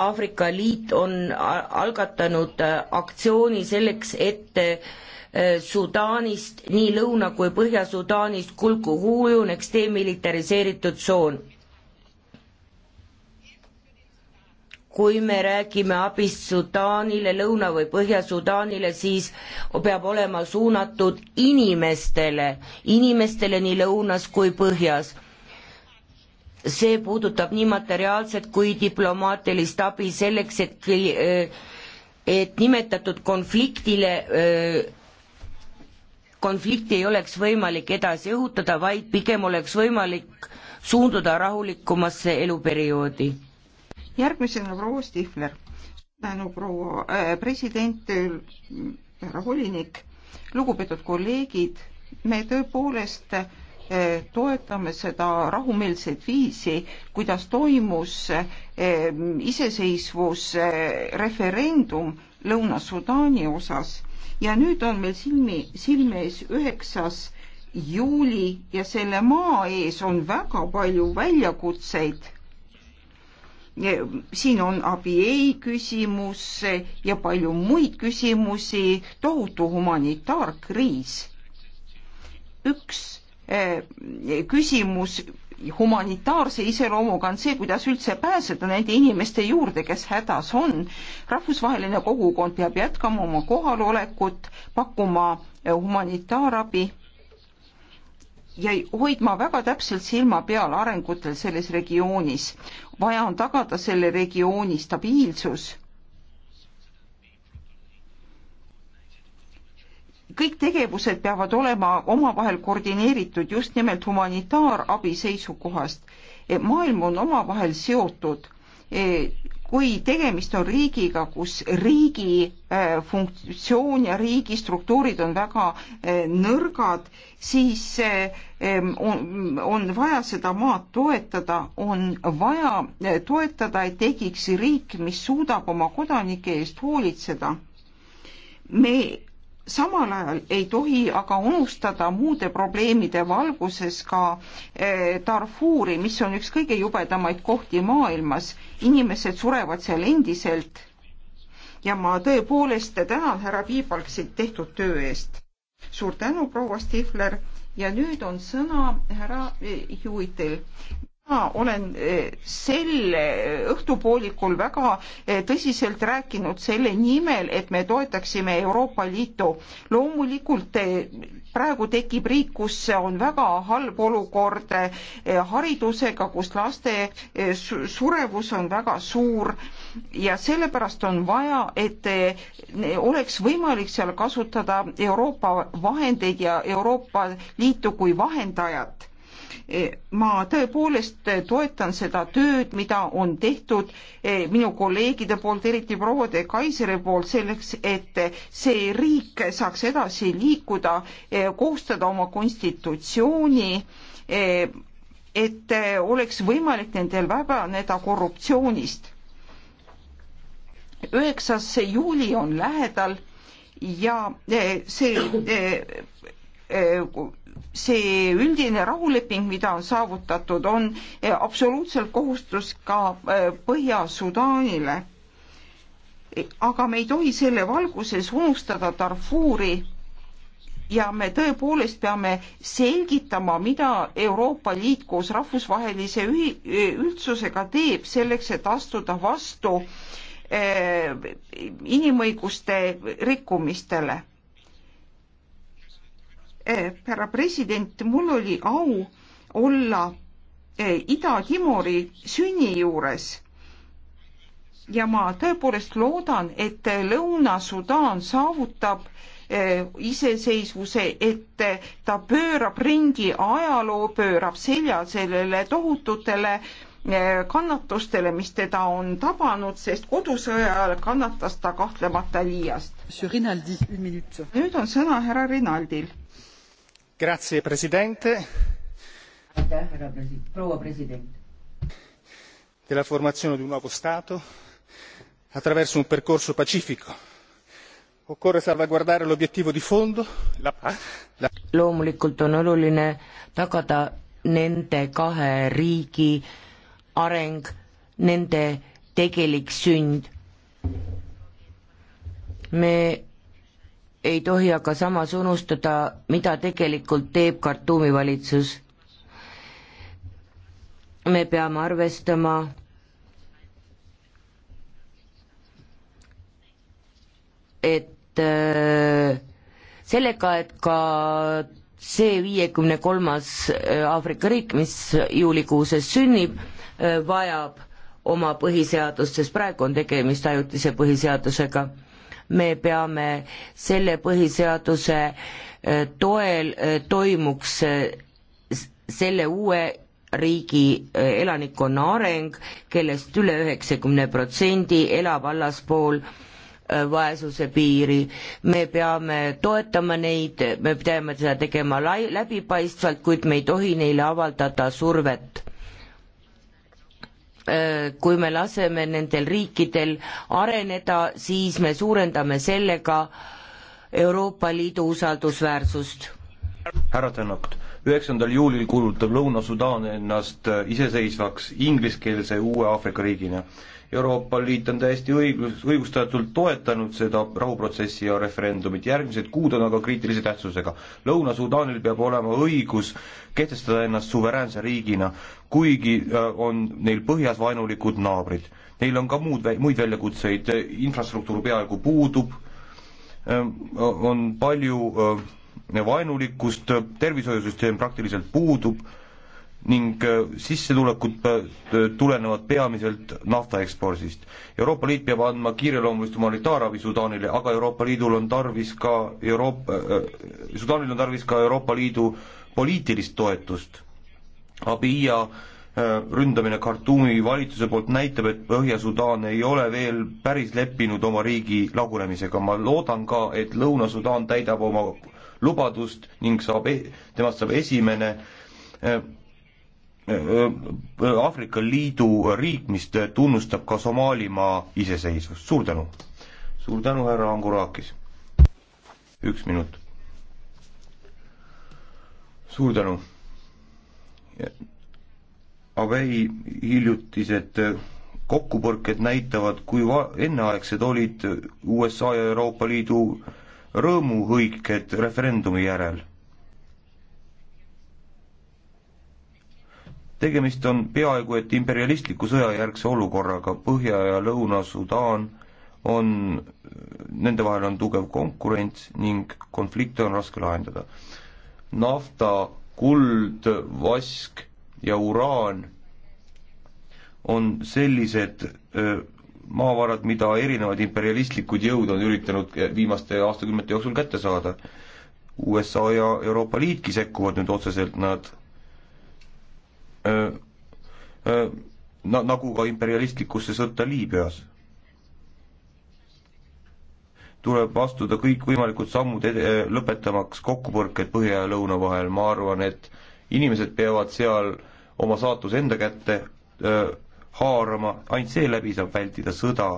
Aafrika Liit on algatanud aktsiooni selleks, et Sudaanist, nii Lõuna- kui Põhja-Sudaanist kulku kujuneks demilitariseeritud tsoon. kui me räägime abist Sudaanile, Lõuna- või Põhja-Sudaanile, siis peab olema suunatud inimestele, inimestele nii lõunas kui põhjas. see puudutab nii materiaalset kui diplomaatilist abi selleks, et, eh, et nimetatud konfliktile, eh, konflikti ei oleks võimalik edasi õhutada, vaid pigem oleks võimalik suunduda rahulikumasse eluperioodi järgmisena proua Stifler. tänu proua äh, president, härra volinik, lugupeetud kolleegid, me tõepoolest äh, toetame seda rahumeelset viisi, kuidas toimus äh, iseseisvusreferendum äh, Lõuna-Sudaani osas ja nüüd on meil silmi, silme ees üheksas juuli ja selle maa ees on väga palju väljakutseid siin on abiei küsimus ja palju muid küsimusi, tohutu humanitaarkriis. üks eh, küsimus humanitaarse iseloomuga on see, kuidas üldse pääseda nende inimeste juurde, kes hädas on. rahvusvaheline kogukond peab jätkama oma kohalolekut, pakkuma humanitaarabi jäi hoidma väga täpselt silma peal arengutel selles regioonis. vaja on tagada selle regiooni stabiilsus. kõik tegevused peavad olema omavahel koordineeritud just nimelt humanitaarabi seisukohast. E, maailm on omavahel seotud e, kui tegemist on riigiga, kus riigi äh, funktsioon ja riigistruktuurid on väga äh, nõrgad, siis äh, on, on vaja seda maad toetada, on vaja toetada, et tekiks riik, mis suudab oma kodanike eest hoolitseda. me samal ajal ei tohi aga unustada muude probleemide valguses ka eh, Darfuri, mis on üks kõige jubedamaid kohti maailmas. inimesed surevad seal endiselt. ja ma tõepoolest tänan härra Piibalksit tehtud töö eest. suur tänu, proua Stifler ja nüüd on sõna härra Hewitil mina olen eh, sel eh, õhtupoolikul väga eh, tõsiselt rääkinud selle nimel, et me toetaksime Euroopa Liitu. loomulikult praegu tekib riik, kus on väga halb olukord haridusega, kus laste surevus on väga suur ja sellepärast on vaja, et oleks võimalik seal kasutada Euroopa vahendeid ja Euroopa Liitu kui vahendajat ma tõepoolest toetan seda tööd, mida on tehtud eh, minu kolleegide poolt, eriti proua de Kaiseri poolt, selleks, et see riik saaks edasi liikuda, eh, koostada oma konstitutsiooni, eh, et oleks võimalik nendel vabaneda korruptsioonist. üheksas juuli on lähedal ja see see üldine rahuleping, mida on saavutatud, on eh, absoluutselt kohustus ka eh, Põhja-Sudaanile. aga me ei tohi selle valguses unustada Darfuri ja me tõepoolest peame selgitama, mida Euroopa Liit koos rahvusvahelise üldsusega teeb selleks, et astuda vastu eh, inimõiguste rikkumistele Eh, härra president, mul oli au olla eh, Ida-Timori sünni juures. ja ma tõepoolest loodan, et Lõuna-Sudaan saavutab eh, iseseisvuse, et ta pöörab ringi ajaloo, pöörab selja sellele tohututele kannatustele, mis teda on tabanud, sest kodusõja ajal kannatas ta kahtlemata liiast. nüüd on sõna härra Rinaldil Grazie, president. aitäh, härra president, proua president. Della formazione di un nuovo Stato attraverso un percorso pacifico. Occorre salvaguardare l'obiettivo di fondo, la, la... loomulikult on oluline tagada nende kahe riigi areng, nende tegelik sünd. me ei tohi aga samas unustada, mida tegelikult teeb Khartoumi valitsus. me peame arvestama et äh, sellega, et ka see viiekümne kolmas äh, Aafrika riik, mis juulikuuses sünnib, äh, vajab oma põhiseadust, sest praegu on tegemist ajutise põhiseadusega me peame selle põhiseaduse äh, toel äh, toimuks äh, selle uue riigi elanikkonna areng, kellest üle üheksakümne protsendi elab allaspool vaesuse piiri, me peame toetama neid, me peame seda tegema lai-, läbipaistvalt, kuid me ei tohi neile avaldada survet. Äh, kui me laseme nendel riikidel areneda, siis me suurendame sellega Euroopa Liidu usaldusväärsust. härra Tänak, üheksandal juulil kuulutab Lõuna-Sudaan ennast iseseisvaks ingliskeelse uue Aafrika riigina Euroopa Liit on täiesti õigus, õigustatult toetanud seda rahuprotsessi ja referendumit, järgmised kuud on aga kriitilise tähtsusega. Lõuna-Sudaanil peab olema õigus kehtestada ennast suveräänse riigina, kuigi äh, on neil põhjas vaenulikud naabrid. Neil on ka muud, muid väljakutseid, infrastruktuur peaaegu puudub, ähm, on palju äh, vaenulikkust, tervishoiusüsteem praktiliselt puudub ning äh, sissetulekud äh, tulenevad peamiselt naftaekspordist. Euroopa Liit peab andma kiireloomulist humanitaarabi Sudaanile, aga Euroopa Liidul on tarvis ka Euroopa äh, äh,, Sudaanil on tarvis ka Euroopa Liidu poliitilist toetust. Abiia äh, ründamine Khartoumi valitsuse poolt näitab, et Põhja-Sudaan ei ole veel päris leppinud oma riigi lagunemisega, ma loodan ka, et Lõuna-Sudaan täidab oma lubadust ning saab e, temast saab esimene äh, Äh, äh, Aafrika Liidu riik, mis tunnustab ka Somaalimaa iseseisvust. suur tänu! suur tänu, härra Angurakis! üks minut. suur tänu! Abei hiljutised äh, kokkupõrked näitavad, kui va-, enneaegsed olid USA ja Euroopa Liidu rõõmuhõiked referendumi järel tegemist on peaaegu et imperialistliku sõjajärgse olukorraga, Põhja- ja Lõuna-Sudaan on, nende vahel on tugev konkurents ning konflikte on raske lahendada. nafta, kuld, vask ja uraan on sellised öö, maavarad, mida erinevad imperialistlikud jõud on üritanud eh, viimaste aastakümnete jooksul kätte saada. USA ja Euroopa Liitki sekkuvad nüüd otseselt, nad Äh, äh, na-, nagu ka imperialistlikusse sõtta Liibüas. tuleb astuda kõikvõimalikud sammud ed-, äh, lõpetamaks kokkupõrked põhja ja lõuna vahel, ma arvan, et inimesed peavad seal oma saatuse enda kätte öö, haarama, ainult seeläbi saab vältida sõda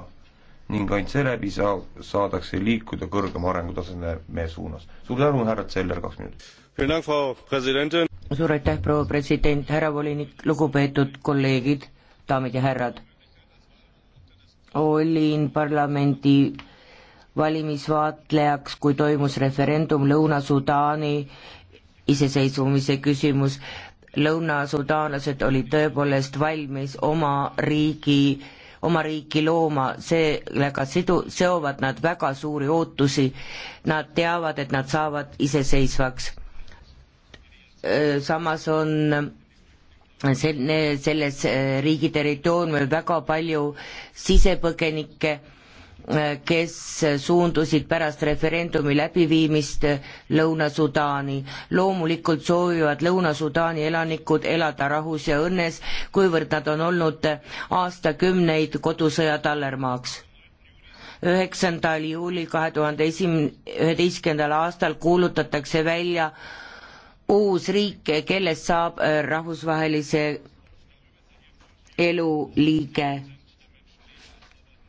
ning ainult seeläbi saa-, saadakse liikuda kõrgema arengutasemele suunas. suur tänu, härra Zeller, kaks minutit! suur aitäh, proua president, härra volinik, lugupeetud kolleegid, daamid ja härrad. olin parlamendi valimisvaatlejaks, kui toimus referendum Lõuna-Sudaani iseseisvumise küsimus. lõunasudaanlased olid tõepoolest valmis oma riigi, oma riiki looma, sellega sidu, seovad nad väga suuri ootusi. Nad teavad, et nad saavad iseseisvaks Äh, samas on äh, selle, selles äh, riigi territooriumil väga palju sisepõgenikke, kes suundusid pärast referendumi läbiviimist Lõuna-Sudaani. loomulikult soovivad Lõuna-Sudaani elanikud elada rahus ja õnnes, kuivõrd nad on olnud aastakümneid kodusõja tallermaaks üheksandal juulil kahe tuhande esim-, üheteistkümnendal aastal kuulutatakse välja äh, uus riik, kellest saab äh, rahvusvahelise elu liige.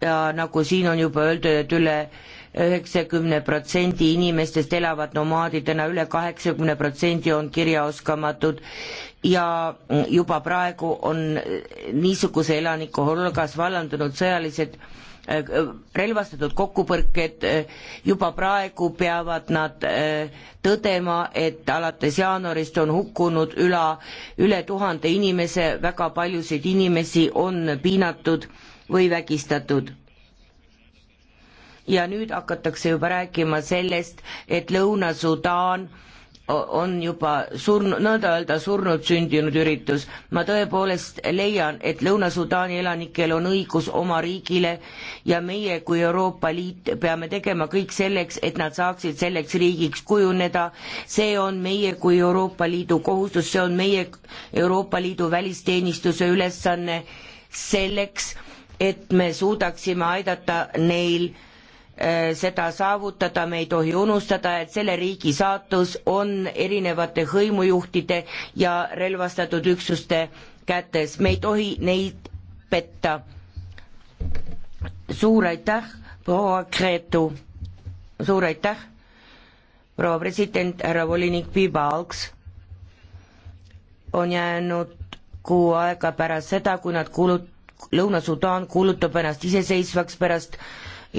ja nagu siin on juba öeldud, et üle üheksakümne protsendi inimestest elavad nomaadidena, üle kaheksakümne protsendi on kirjaoskamatud ja juba praegu on niisuguse elaniku hulgas vallandunud sõjalised Äh, relvastatud kokkupõrked, äh, juba praegu peavad nad äh, tõdema, et alates jaanuarist on hukkunud üle, üle tuhande inimese, väga paljusid inimesi on piinatud või vägistatud ja nüüd hakatakse juba rääkima sellest, et Lõuna-Sudaan on juba surnud, nõnda öelda surnud sündinud üritus. ma tõepoolest leian, et Lõuna-Sudaani elanikel on õigus oma riigile ja meie kui Euroopa Liit peame tegema kõik selleks, et nad saaksid selleks riigiks kujuneda. see on meie kui Euroopa Liidu kohustus, see on meie Euroopa Liidu välisteenistuse ülesanne selleks, et me suudaksime aidata neil äh, Eh, seda saavutada, me ei tohi unustada, et selle riigi saatus on erinevate hõimujuhtide ja relvastatud üksuste kätes, me ei tohi neid petta. suur aitäh, proua Gretu, suur aitäh, proua president, härra volinik Piibalks on jäänud kuu aega pärast seda, kui nad kuulut-, Lõuna-Sudaan kuulutab ennast iseseisvaks pärast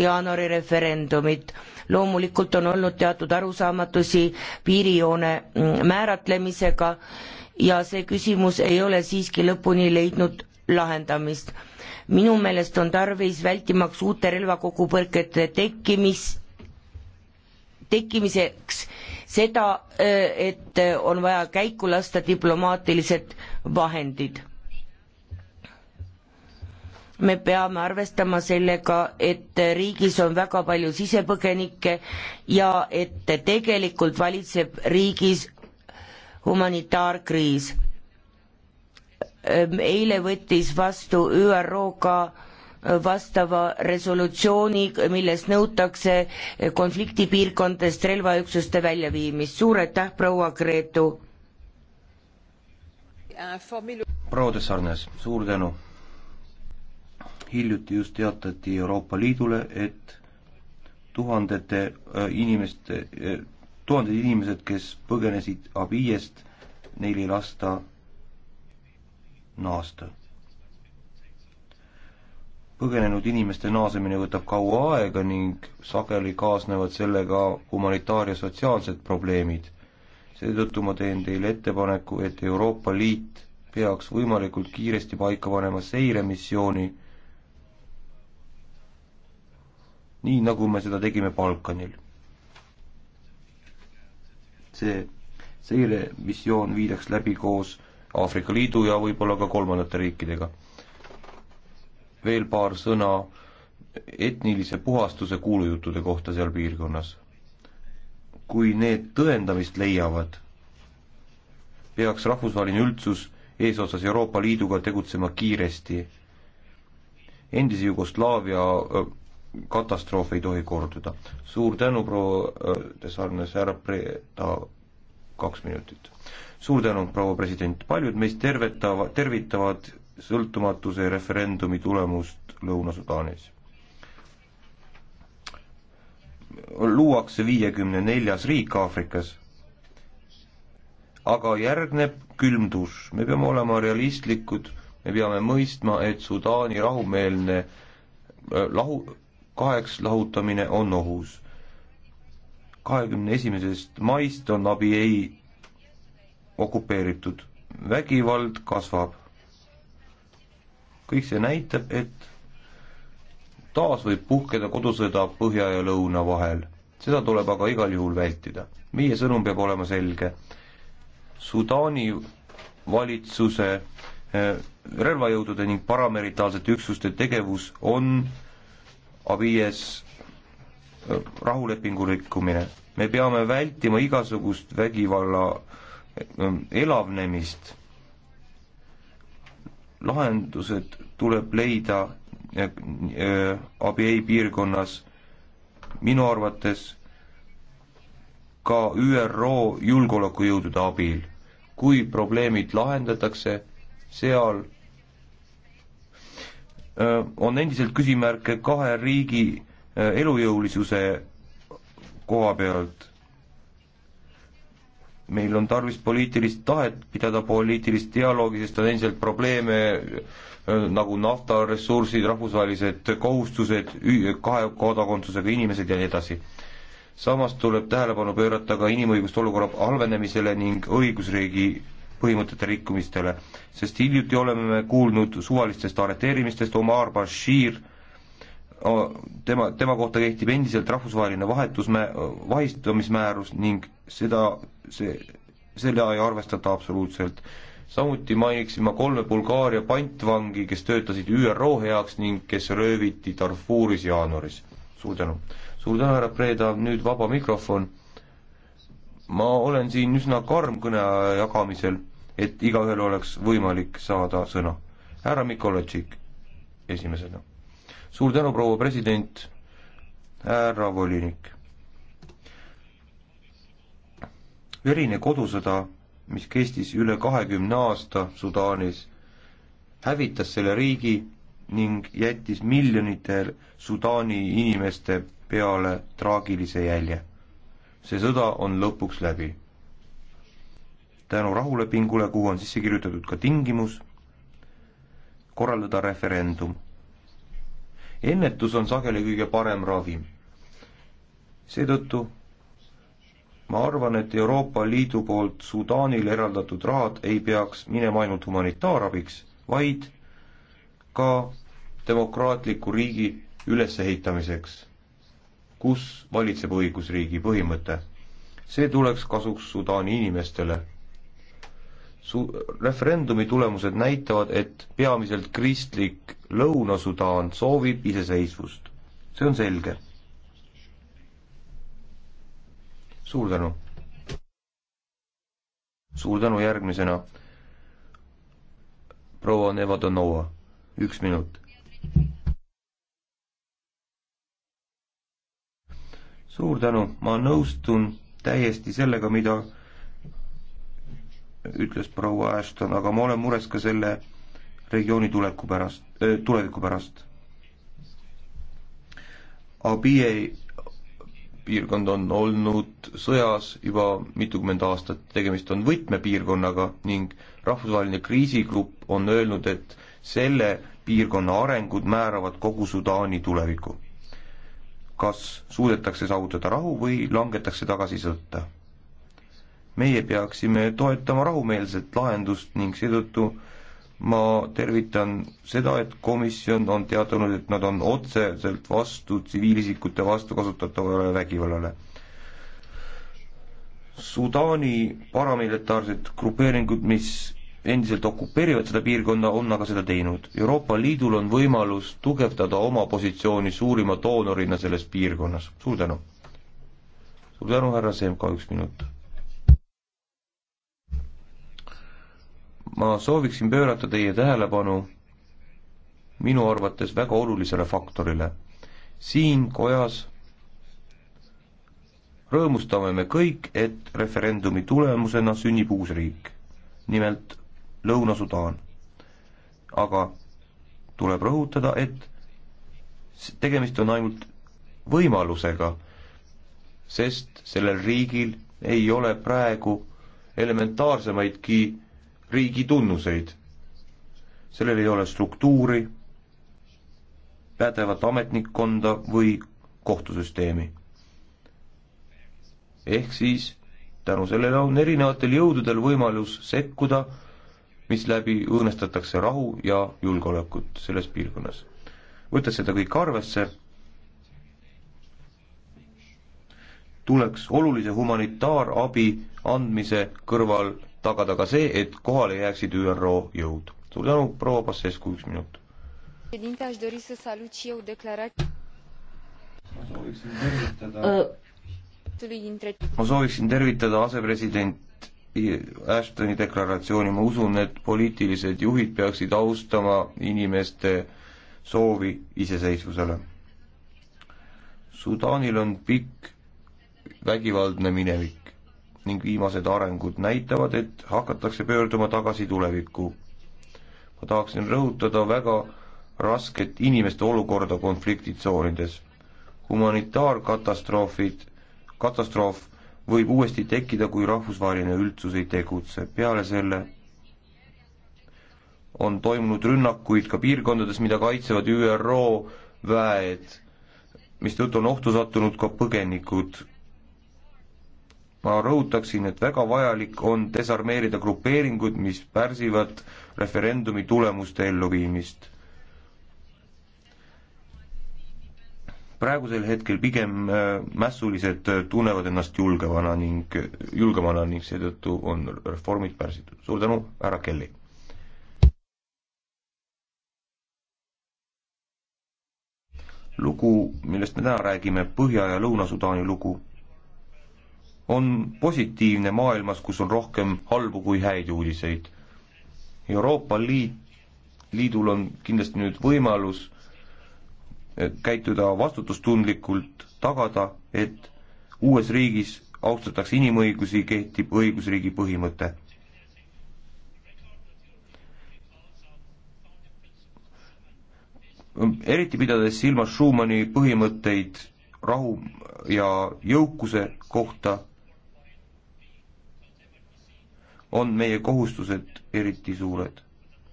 jaanuari referendumit. loomulikult on olnud teatud arusaamatusi piirijoone mm, määratlemisega ja see küsimus ei ole siiski lõpuni leidnud lahendamist. minu meelest on tarvis vältimaks uute relvakogupõrkete tekkimis, tekkimiseks seda, äh, et on vaja käiku lasta diplomaatilised vahendid me peame arvestama sellega, et riigis on väga palju sisepõgenikke ja et tegelikult valitseb riigis humanitaarkriis. eile võttis vastu ÜRO ka vastava resolutsiooni, milles nõutakse konfliktipiirkondadest relvaüksuste väljaviimist. suur aitäh, proua Gretu! proua Tessarnes, suur tänu! hiljuti just teatati Euroopa Liidule, et tuhandete äh, inimeste, äh, tuhanded inimesed, kes põgenesid Abiyest, neil ei lasta naasta. põgenenud inimeste naasemine võtab kaua aega ning sageli kaasnevad sellega humanitaar- ja sotsiaalsed probleemid. seetõttu ma teen teile ettepaneku, et Euroopa Liit peaks võimalikult kiiresti paika panema seiremissiooni nii nagu me seda tegime Balkanil. see seiremissioon viidaks läbi koos Aafrika Liidu ja võib-olla ka kolmandate riikidega. veel paar sõna etnilise puhastuse kuulujuttude kohta seal piirkonnas. kui need tõendamist leiavad, peaks rahvusvaheline üldsus eesotsas Euroopa Liiduga tegutsema kiiresti. endise Jugoslaavia äh, katastroof ei tohi korduda. suur tänu, proua de äh, Sarnes, härra Preda, kaks minutit. suur tänu, proua president, paljud meist tervetava, tervitavad sõltumatuse referendumi tulemust Lõuna-Sudaanis. luuakse viiekümne neljas riik Aafrikas, aga järgneb külm dušš, me peame olema realistlikud, me peame mõistma, et Sudaani rahumeelne lahu, äh, kaheks lahutamine on ohus. kahekümne esimesest maist on Abiei okupeeritud, vägivald kasvab. kõik see näitab, et taas võib puhkeda kodusõda põhja ja lõuna vahel. seda tuleb aga igal juhul vältida. meie sõnum peab olema selge. Sudaani valitsuse eh, relvajõudude ning paramilitaarsete üksuste tegevus on viies rahulepingu rikkumine. me peame vältima igasugust vägivalla elavnemist. lahendused tuleb leida Abiei piirkonnas minu arvates ka ÜRO julgeolekujõudude abil. kui probleemid lahendatakse seal Äh, on endiselt küsimärke kahe riigi äh, elujõulisuse koha pealt. meil on tarvis poliitilist tahet pidada poliitilist dialoogi, sest on endiselt probleeme äh, nagu naftaressursid, rahvusvahelised kohustused, kahe kodakondsusega inimesed ja nii edasi. samas tuleb tähelepanu pöörata ka inimõiguste olukorra halvenemisele ning õigusriigi põhimõtete rikkumistele, sest hiljuti oleme me kuulnud suvalistest arreteerimistest, Omar Bashir, tema, tema kohta kehtib endiselt rahvusvaheline vahetusmä-, vahistamismäärus ning seda, see, seda ei arvestata absoluutselt. samuti mainiksin ma kolme Bulgaaria pantvangi, kes töötasid ÜRO heaks ning kes rööviti Darfuris jaanuaris. suur tänu. suur tänu, härra Preeda, nüüd vaba mikrofon ma olen siin üsna karm kõne jagamisel, et igaühel oleks võimalik saada sõna. härra Mikolotšik esimesena. suur tänu, proua president, härra volinik. verine kodusõda, mis kestis üle kahekümne aasta Sudaanis, hävitas selle riigi ning jättis miljonite Sudaani inimeste peale traagilise jälje see sõda on lõpuks läbi. tänu rahulepingule, kuhu on sisse kirjutatud ka tingimus korraldada referendum. ennetus on sageli kõige parem ravim. seetõttu ma arvan, et Euroopa Liidu poolt Sudaanile eraldatud rahad ei peaks minema ainult humanitaarabiks, vaid ka demokraatliku riigi ülesehitamiseks kus valitseb õigusriigi põhimõte. see tuleks kasuks Sudaani inimestele. Su-, referendumi tulemused näitavad, et peamiselt kristlik Lõuna-Sudaan soovib iseseisvust. see on selge. suur tänu! suur tänu järgmisena, proua Nevadanova, üks minut suur tänu, ma nõustun täiesti sellega, mida ütles proua Ashton, aga ma olen mures ka selle regiooni tuleku pärast, tuleviku pärast. Abie piirkond on olnud sõjas juba mitukümmend aastat, tegemist on võtmepiirkonnaga ning rahvusvaheline kriisigrupp on öelnud, et selle piirkonna arengud määravad kogu Sudaani tuleviku kas suudetakse saavutada rahu või langetakse tagasi sõtta. meie peaksime toetama rahumeelset lahendust ning seetõttu ma tervitan seda, et komisjon on teatanud, et nad on otseselt vastu tsiviilisikute vastu kasutatavale vägivallale. Sudaani paramilitaarsed grupeeringud, mis endiselt okupeerivad seda piirkonda, on aga seda teinud. Euroopa Liidul on võimalus tugevdada oma positsiooni suurima doonorina selles piirkonnas. suur tänu! suur tänu, härra Semka, üks minut. ma sooviksin pöörata teie tähelepanu minu arvates väga olulisele faktorile. siin kojas rõõmustame me kõik, et referendumi tulemusena sünnib uus riik. nimelt Lõuna-Sudaan. aga tuleb rõhutada, et tegemist on ainult võimalusega, sest sellel riigil ei ole praegu elementaarsemaidki riigi tunnuseid. sellel ei ole struktuuri, pädevat ametnikkonda või kohtusüsteemi. ehk siis tänu sellele on erinevatel jõududel võimalus sekkuda misläbi õõnestatakse rahu ja julgeolekut selles piirkonnas. võttes seda kõik arvesse, tuleks olulise humanitaarabi andmise kõrval tagada ka see, et kohale jääksid ÜRO jõud. suur tänu, proua Passescu, üks minut. ma sooviksin tervitada asepresident Ashtoni deklaratsiooni, ma usun, et poliitilised juhid peaksid austama inimeste soovi iseseisvusele. Sudaanil on pikk vägivaldne minevik ning viimased arengud näitavad, et hakatakse pöörduma tagasi tulevikku. ma tahaksin rõhutada väga rasket inimeste olukorda konfliktitsoonides. humanitaarkatastroofid, katastroof võib uuesti tekkida, kui rahvusvaheline üldsus ei tegutse. peale selle on toimunud rünnakuid ka piirkondades, mida kaitsevad ÜRO väed, mistõttu on ohtu sattunud ka põgenikud. ma rõhutaksin, et väga vajalik on desarmeerida grupeeringud, mis pärsivad referendumi tulemuste elluviimist praegusel hetkel pigem äh, mässulised äh, tunnevad ennast julgevana ning, julgemana ning seetõttu on reformid pärsitud. suur tänu, härra Kelly! lugu, millest me täna räägime, Põhja- ja Lõuna-Sudaani lugu, on positiivne maailmas, kus on rohkem halbu kui häid uudiseid. Euroopa Liit, Liidul on kindlasti nüüd võimalus käituda vastutustundlikult, tagada, et uues riigis austatakse inimõigusi, kehtib õigusriigi põhimõte. eriti pidades silmas Schumanni põhimõtteid rahu ja jõukuse kohta, on meie kohustused eriti suured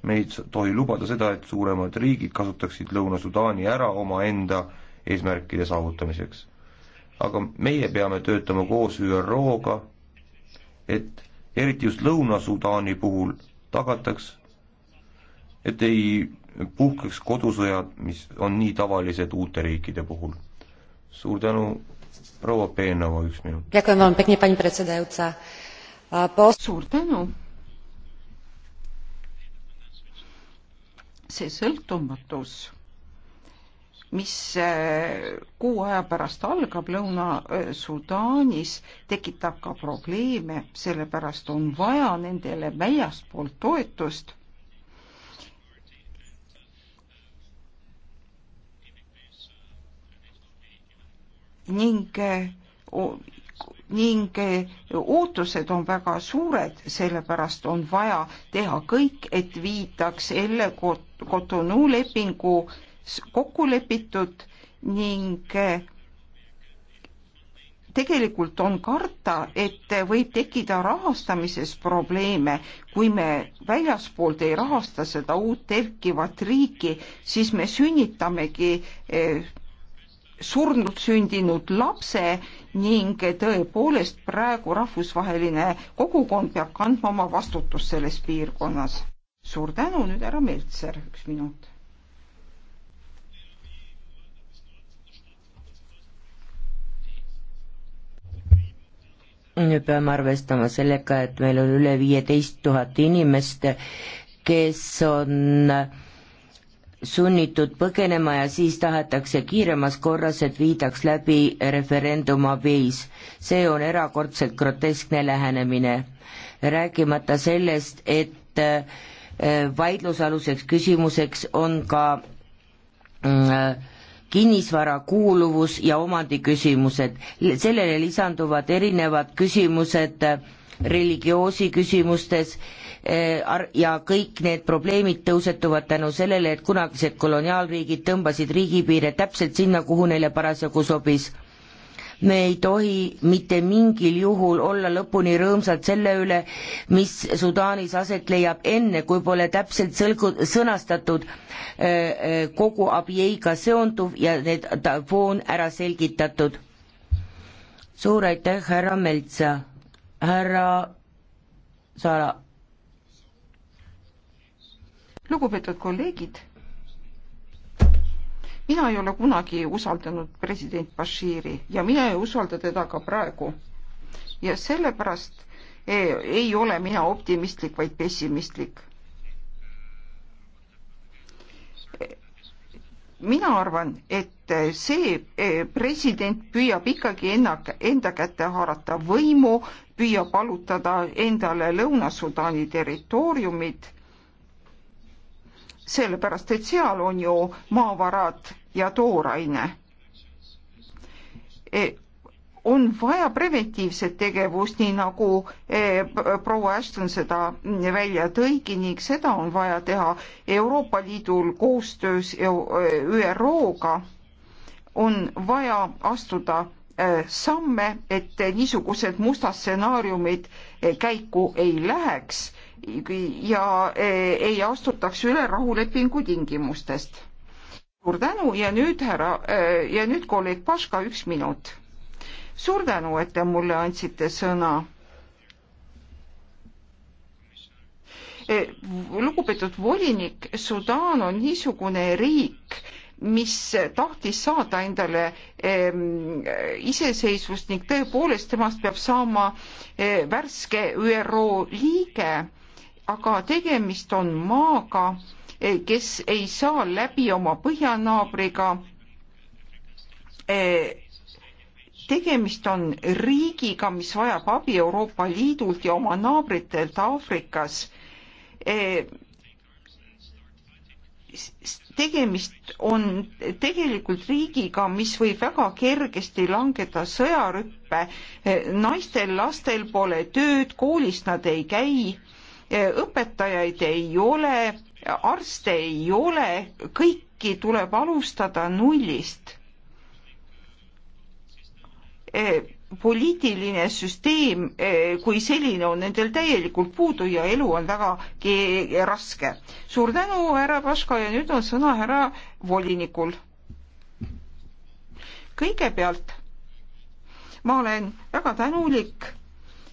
me ei tohi lubada seda, et suuremad riigid kasutaksid Lõuna-Sudaani ära omaenda eesmärkide saavutamiseks. aga meie peame töötama koos ÜRO-ga, et eriti just Lõuna-Sudaani puhul tagataks, et ei puhkeks kodusõjad, mis on nii tavalised uute riikide puhul. suur tänu, proua Peenova, üks minut. suur tänu see sõltumatus, mis äh, kuu aja pärast algab Lõuna-Sudaanis, tekitab ka probleeme, sellepärast on vaja nendele väljaspoolt toetust ning äh, ning eh, ootused on väga suured, sellepärast on vaja teha kõik, et viidaks Elle Cotonou lepingu kokku lepitud ning eh, tegelikult on karta, et võib tekkida rahastamises probleeme, kui me väljaspoolt ei rahasta seda uut tekkivat riiki, siis me sünnitamegi eh, surnult sündinud lapse ning tõepoolest praegu rahvusvaheline kogukond peab kandma oma vastutust selles piirkonnas. suur tänu, nüüd härra Meltser, üks minut. me peame arvestama sellega, et meil on üle viieteist tuhat inimest, kes on äh, sunnitud põgenema ja siis tahetakse kiiremas korras, et viidaks läbi referendum abiis. see on erakordselt groteskne lähenemine. rääkimata sellest, et äh, vaidlusaluseks küsimuseks on ka mm, äh, kinnisvara kuuluvus ja omandiküsimused, sellele lisanduvad erinevad küsimused äh, religioosi küsimustes eh, ja kõik need probleemid tõusetuvad tänu sellele, et kunagised koloniaalriigid tõmbasid riigipiire täpselt sinna, kuhu neile parasjagu sobis. me ei tohi mitte mingil juhul olla lõpuni rõõmsad selle üle, mis Sudaanis aset leiab, enne kui pole täpselt sõlgu-, sõnastatud eh, eh, kogu abieiga seonduv ja need foon ära selgitatud. suur aitäh, härra Meltsa härra Saara. lugupeetud kolleegid, mina ei ole kunagi usaldanud president Bashiri ja mina ei usalda teda ka praegu. ja sellepärast ei, ei ole mina optimistlik, vaid pessimistlik. mina arvan, et see e, president püüab ikkagi enna, enda kätte haarata võimu püüab allutada endale Lõuna-Sudaani territooriumid, sellepärast et seal on ju maavarad ja tooraine e, on vaja preventiivset tegevust, nii nagu e, proua Ashton seda välja tõigi ning seda on vaja teha Euroopa Liidul koostöös ÜRO-ga. E on vaja astuda Äh, samme, et niisugused mustad stsenaariumid äh, käiku ei läheks ja äh, ei astutaks üle rahulepingu tingimustest. suur tänu ja nüüd härra ja nüüd kolleeg Paška, üks minut. suur tänu, et te mulle andsite sõna lugupeetud volinik, Sudaan on niisugune riik, mis tahtis saada endale ehm, iseseisvust ning tõepoolest temast peab saama eh, värske ÜRO liige, aga tegemist on maaga eh,, kes ei saa läbi oma põhjanaabriga eh, tegemist on riigiga, mis vajab abi Euroopa Liidult ja oma naabritelt Aafrikas eh, tegemist on tegelikult riigiga, mis võib väga kergesti langeda sõjarüppe. naistel, lastel pole tööd, koolis nad ei käi, õpetajaid ei ole, arste ei ole, kõiki tuleb alustada nullist poliitiline süsteem eh, kui selline on nendel täielikult puudu ja elu on väga raske. suur tänu, härra Paška ja nüüd on sõna härra volinikul. kõigepealt ma olen väga tänulik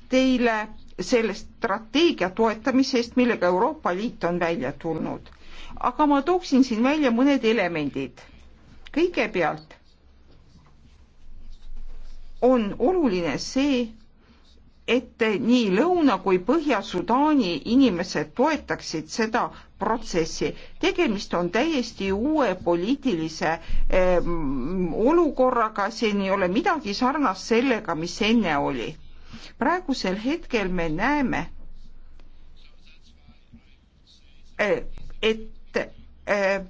teile selle strateegia toetamise eest, millega Euroopa Liit on välja tulnud. aga ma tooksin siin välja mõned elemendid. kõigepealt on oluline see, et nii Lõuna kui Põhja-Sudaani inimesed toetaksid seda protsessi. tegemist on täiesti uue poliitilise eh, olukorraga, siin ei ole midagi sarnast sellega, mis enne oli. praegusel hetkel me näeme, eh, et eh,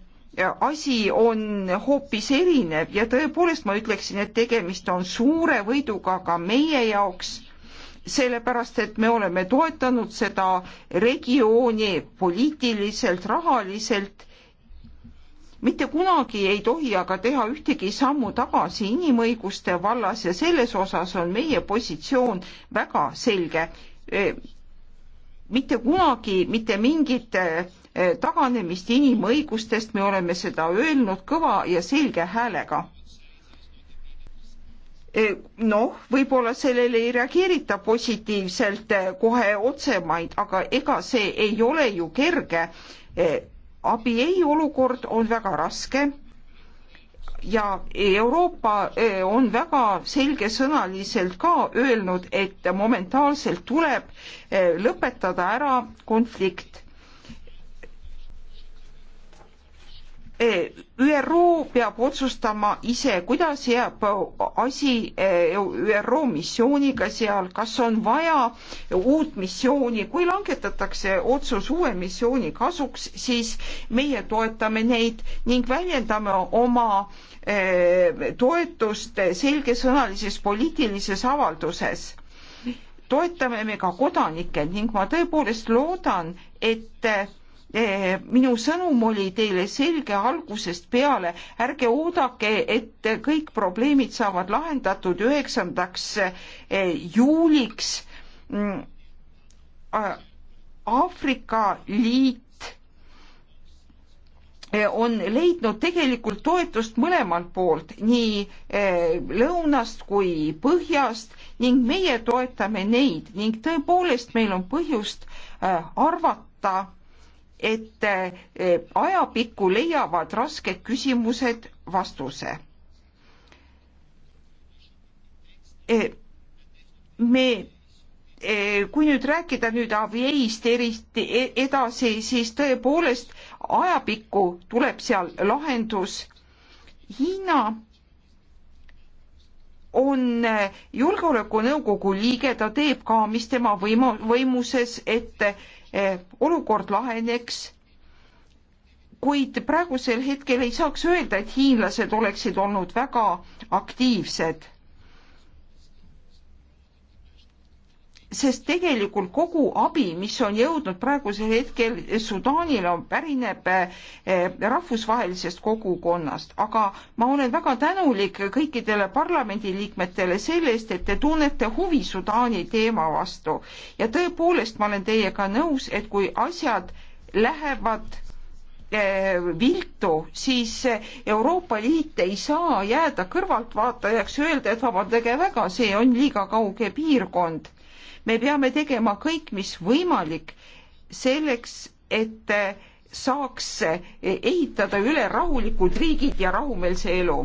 asi on hoopis erinev ja tõepoolest ma ütleksin, et tegemist on suure võiduga ka meie jaoks, sellepärast et me oleme toetanud seda regiooni poliitiliselt, rahaliselt. mitte kunagi ei tohi aga teha ühtegi sammu tagasi inimõiguste vallas ja selles osas on meie positsioon väga selge. mitte kunagi mitte mingit Eh, taganemist inimõigustest, me oleme seda öelnud kõva ja selge häälega. Eh, noh, võib-olla sellele ei reageerita positiivselt eh, kohe otsemaid, aga ega see ei ole ju kerge. abi ei olukord on väga raske ja Euroopa on väga selgesõnaliselt ka öelnud, et momentaalselt tuleb lõpetada ära konflikt. Eh, ÜRO peab otsustama ise, kuidas jääb asi eh, ÜRO missiooniga seal, kas on vaja uut missiooni, kui langetatakse otsus uue missiooni kasuks, siis meie toetame neid ning väljendame oma eh, toetust selgesõnalises poliitilises avalduses toetame me ka kodanikke ning ma tõepoolest loodan, et Eh, minu sõnum oli teile selge algusest peale, ärge oodake, et kõik probleemid saavad lahendatud üheksandaks eh, juuliks. Mm, äh, Aafrika Liit eh, on leidnud tegelikult toetust mõlemalt poolt, nii lõunast kui põhjast ning meie toetame neid ning tõepoolest meil on põhjust arvata, et eh, ajapikku leiavad rasked küsimused vastuse. Eh, me, eh, kui nüüd rääkida nüüd avieist eriti e-, edasi, siis tõepoolest ajapikku tuleb seal lahendus. Hiina on Julgeolekunõukogu liige, ta teeb ka, mis tema võimu, võimuses, et Eh, olukord laheneks. kuid praegusel hetkel ei saaks öelda, et hiinlased oleksid olnud väga aktiivsed sest tegelikult kogu abi, mis on jõudnud praegusel hetkel Sudaanile, pärineb eh, rahvusvahelisest kogukonnast, aga ma olen väga tänulik kõikidele parlamendiliikmetele selle eest, et te tunnete huvi Sudaani teema vastu ja tõepoolest, ma olen teiega nõus, et kui asjad lähevad eh, viltu, siis Euroopa Liit ei saa jääda kõrvaltvaatajaks, öelda, et vabandage väga, see on liiga kauge piirkond me peame tegema kõik, mis võimalik selleks, et eh, saaks eh, ehitada üle rahulikud riigid ja rahumeelse elu.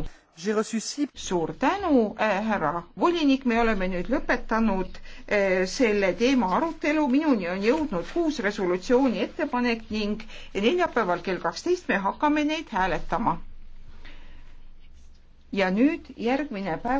suur tänu äh,, härra volinik, me oleme nüüd lõpetanud äh, selle teema arutelu, minuni on jõudnud kuus resolutsiooni ettepanek ning neljapäeval kell kaksteist me hakkame neid hääletama ja nüüd järgmine päev